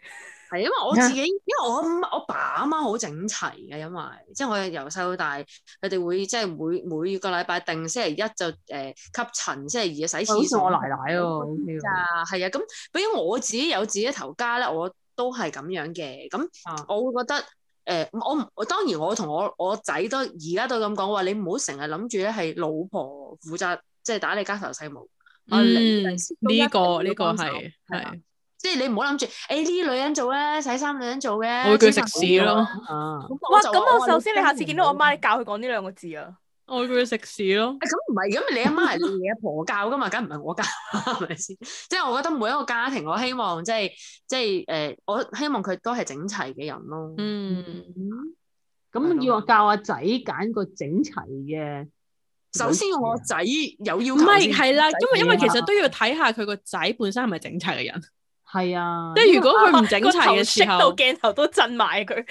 係，因為我自己，Yeah. 因為我我爸阿媽好整齊嘅，因為即係我由細到大，佢哋會即係每每個禮拜定星期一就誒、呃、吸塵，星期二就洗廁所。我奶奶喎，真係啊，係 啊樂，咁比起我自己有自己頭家咧，我都係咁樣嘅。咁我會覺得誒、呃，我當然我同我我仔都而家都咁講話，你唔好成日諗住咧係老婆負責即係打理家頭細務。嗯，呢個呢、呢個係係。呢個吧即係你唔好諗住，誒呢啲女人做咧，洗衫女人做嘅。我叫佢食屎咯。哇，咁我首先你下次見到我媽，你教佢講呢兩個字啊？我叫佢食屎咯。咁唔係，咁你阿媽係你阿婆教噶嘛？梗唔係我教，係咪先？即係我覺得每一個家庭，我希望即係即係誒，我希望佢都係整齊嘅人咯。嗯。咁要教阿仔揀個整齊嘅。首先，我仔又要求。唔係，係啦，因為因為其實都要睇下佢個仔本身係咪整齊嘅人。係啊，即係如果佢唔整齊嘅時候，到鏡頭都震埋佢。係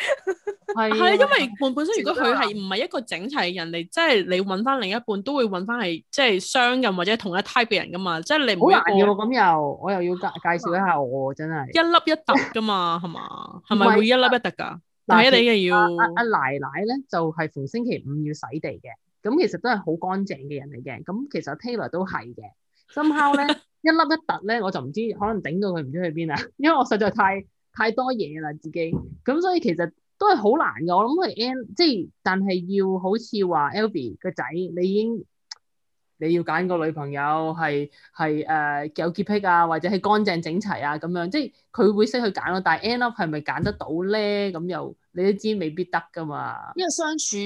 啊，因為本本身如果佢係唔係一個整齊嘅人嚟，即係、啊、你揾翻另一半都會揾翻係即係雙人或者同一 type 嘅人噶嘛，即、就、係、是、你唔好難嘅咯、啊。咁又我又要介介紹一下我，真係一粒一突噶嘛，係嘛是？係咪會一粒一突噶？但係你又要、啊啊、阿奶奶咧，就係逢星期五要洗地嘅。咁其實都係好乾淨嘅人嚟嘅。咁其實 Taylor 都係嘅。深烤咧一粒一突咧，我就唔知可能頂到佢唔知去邊啦！因為我實在太太多嘢啦自己，咁所以其實都係好難嘅。我諗佢 end 即係，但係要好似話 Elvy 個仔，你已經你要揀個女朋友係係誒有潔癖啊，或者係乾淨整齊啊咁樣，即係佢會識去揀咯。但係 end up 係咪揀得到咧？咁又？你都知未必得㗎嘛，因為相處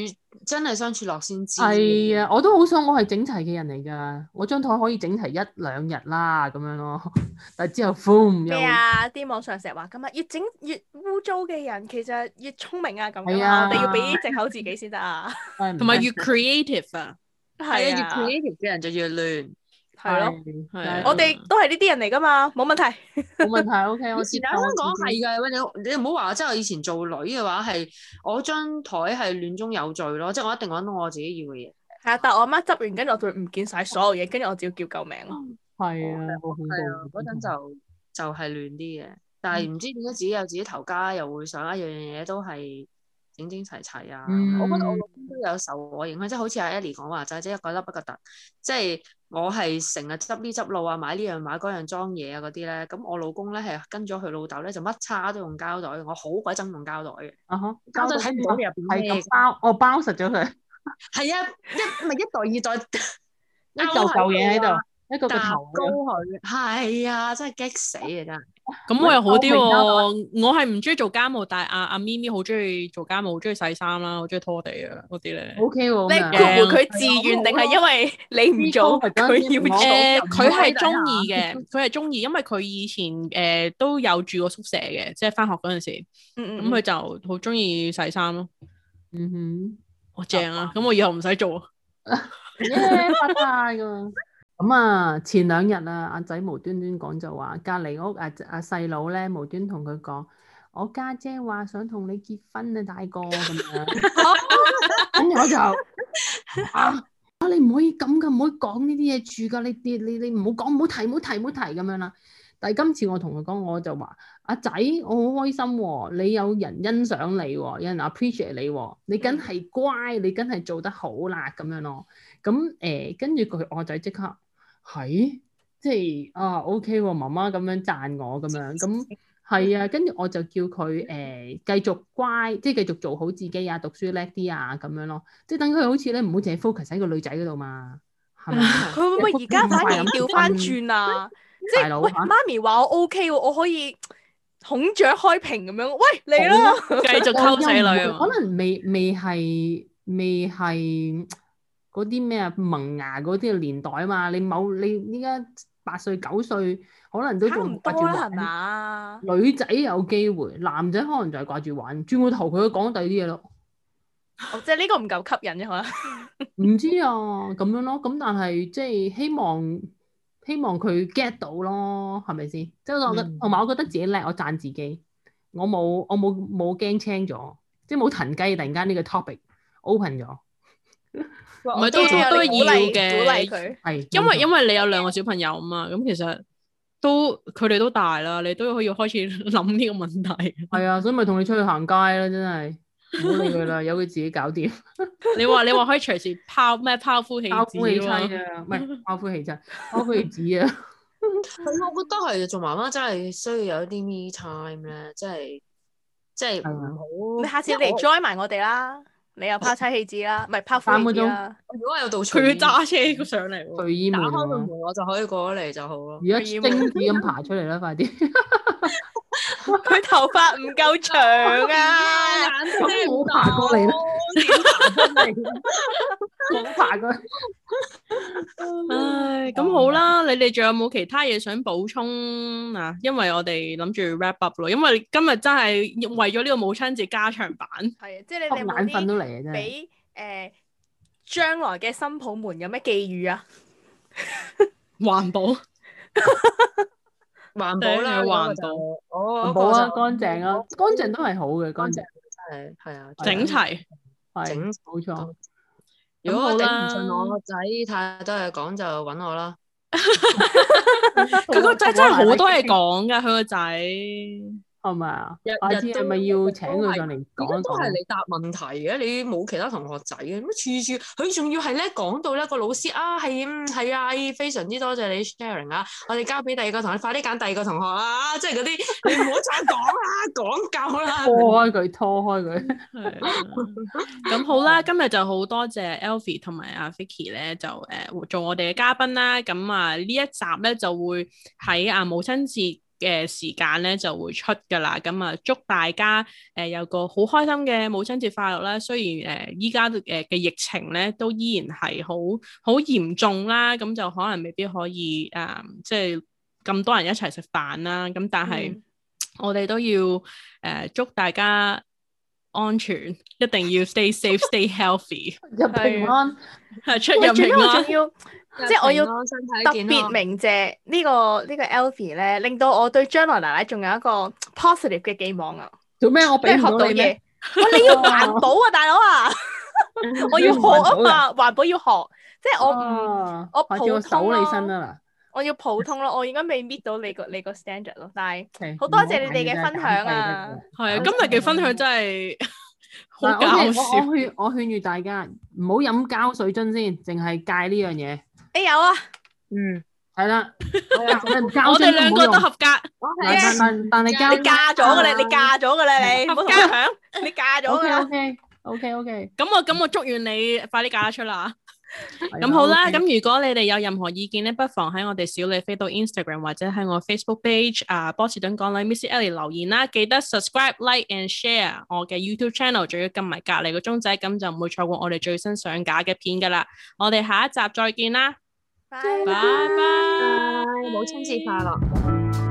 真係相處落先知。係啊、哎，我都好想我係整齊嘅人嚟㗎，我張枱可以整齊一兩日啦咁樣咯。但係之後 boom 又咩會啊？啲網上成日話咁嘛，越整越污糟嘅人其實越聰明啊咁樣，你、哎、呀要俾藉口自己先得啊。同埋越 creative 啊，係啊呀，呀越 creative 嘅人就越亂。係咯，我哋都係呢啲人嚟噶嘛，冇問題，冇問題，O K。我以前喺香港係嘅，喂你你唔好話，即係我以前做女嘅話係，我張台係亂中有序咯，即係我一定搵到我自己要嘅嘢。係啊，但係我阿媽執完跟住我仲唔見晒，所有嘢跟住我只要叫救命咯。係啊，係啊，嗰陣就就係亂啲嘅，但係唔知點解自己有自己頭家，又會想一樣樣嘢都係整整齊齊啊。我覺得我老公都有受我影響，即係好似阿 Eddie 講話就係，即係一個凹不個凸，即係。我係成日執呢執路啊，買呢樣買嗰樣裝嘢啊嗰啲咧，咁我老公咧係跟咗佢老豆咧就乜叉都用膠袋，我好鬼憎用膠袋嘅。啊哈！膠袋睇唔到入邊，係咁包，我包實咗佢。係啊，一咪一袋二袋，一嚿嚿嘢喺度。一個蛋糕佢係啊，真係激死啊！真係咁我又好啲喎，我係唔中意做家務，但阿阿咪咪好中意做家務，好中意洗衫啦，好中意拖地啊嗰啲咧。O K 佢自願定係因為你唔做佢要做？佢係中意嘅，佢係中意，因為佢以前誒都有住過宿舍嘅，即係翻學嗰陣時，咁佢就好中意洗衫咯。嗯哼，我正啊！咁我以後唔使做啊，發咁啊，前兩日啊，阿仔無端端講就話隔離屋誒阿細佬咧無端同佢講，我家姐話想同你結婚啊，大哥咁樣。咁我就啊，啊你唔可以咁㗎，唔好講呢啲嘢住㗎，你你你你唔好講，唔好提，唔好提，唔好提咁樣啦。但係今次我同佢講，我就話阿仔，我好開心喎，你有人欣賞你喎，有人 appreciate 你喎，你梗係乖，你梗係做得好啦咁樣咯。咁誒，跟住佢，我仔即刻。係，即係啊，OK，媽媽咁樣讚我咁樣，咁係、嗯、啊，跟住我就叫佢誒繼續乖，即係繼續做好自己啊，讀書叻啲啊，咁樣咯，即係等佢好似咧唔好淨係 focus 喺個女仔嗰度嘛，係咪？佢會唔會而家反而調翻轉啊？即係 喂，媽喂、啊、咪話我 OK，、啊、我可以孔雀開屏咁樣，喂，嚟啦，繼、啊、續溝仔女 不。可能未未係未係。未嗰啲咩啊，萌芽嗰啲年代啊嘛。你某你依家八歲九歲，可能都仲掛住玩。差唔多啦，係嘛？女仔有機會，男仔可能就係掛住玩。轉個頭佢都講第啲嘢咯。哦，即係呢個唔夠吸引啫，可能？唔知啊，咁樣咯。咁但係即係希望希望佢 get 到咯，係咪先？即係我覺得同埋、嗯、我覺得自己叻，我讚自己。我冇我冇冇驚青咗，即係冇騰雞。突然間呢個 topic open 咗。 唔係都都都要嘅，因為因為你有兩個小朋友嘛，咁其實都佢哋都大啦，你都可以開始諗呢個問題。係啊，所以咪同你出去行街囉，真係唔理佢啦，由佢自己搞掂。你話你話可以隨時拋咩拋夫棄子啊？唔係拋夫棄妻，拋夫棄子啊。係，我覺得係做媽媽真係需要有一啲 me time 咧，即係即係唔好。你下次嚟 join 埋我哋啦。你又拋妻棄子啦，唔係拋夫婦啦。如果有道車揸車上嚟，隨意對打開門我就可以過嚟就好咯。而家貞子咁爬出嚟啦， 快啲點！ 佢 頭髮唔夠長啊！即係冇爬過嚟啦，冇 爬過。 唉，咁好啦，哦、你哋仲有冇其他嘢想補充啊？因為我哋諗住 wrap up 咯，因為今日真係為咗呢個母親節加長版。係、呃、啊，即係你哋晚瞓冇啲俾誒將來嘅新抱們有咩寄語啊？環保。 環保咧環保，哦，冇啊，乾淨啊，乾淨都係好嘅，乾淨真係係啊，整齊係，整，冇錯。如果我哋唔順我個仔太多嘢講，就揾我啦。佢個仔真係好多嘢講噶，佢個仔。係咪？啊？日日係咪日天要請佢上嚟講？都係你答問題嘅，你冇其他同學仔嘅，咁次次佢仲要係咧講到咧個老師啊，係嗯係啊，非常之多謝你 sharing 啊，我哋交俾第二個同學，快啲揀第二個同學啊！即係嗰啲你唔好再講啦，講夠啦，拖開佢，拖開佢。咁好啦，今日就好多謝 Alfie 同埋阿 Vicky 咧，就誒做我哋嘅嘉賓啦。咁啊呢一集咧就會喺啊母親節嘅時間咧就會出㗎喇，咁啊祝大家誒、呃、有個好開心嘅母親節快樂啦！雖然誒依家誒嘅疫情咧都依然係好好嚴重啦，咁就可能未必可以誒即係咁多人一齊食飯啦。咁但係、嗯、我哋都要誒、呃、祝大家。安全一定要 stay safe, stay healthy，入平安，出入平安。我仲要，即係我要特別鳴謝呢個呢個 elfie 咧，令到我對將來奶奶仲有一個 positive 嘅寄望啊！做咩？我俾唔到你，你要環保啊，大佬啊！我要學啊嘛，環保要學，即係我唔我。或者我抖起身啦。我要普通咯，我應該未搣到你個你個 standard 咯，但係好多謝你哋嘅分享啊！係啊，今日嘅分享真係好搞笑。我勸我勸住大家唔好飲膠水樽先，淨係戒呢樣嘢。哎有啊？嗯，係啦。我哋兩個都合格。但但但你膠你嫁咗噶啦，你嫁咗噶啦，你冇加強，你嫁咗啦。OK OK OK OK，咁我咁我祝願你快啲嫁得出啦。咁、嗯哎、好啦，咁如果你哋有任何意見咧，不妨喺我哋小李飛到 Instagram 或者喺我 Facebook page 啊，波士頓港女 Miss Ellie 留言啦，記得 subscribe、like and share 我嘅 YouTube channel，仲要撳埋隔籬個鐘仔，咁就唔會錯過我哋最新上架嘅片㗎喇。我哋下一集再見啦，拜拜，母親節快樂。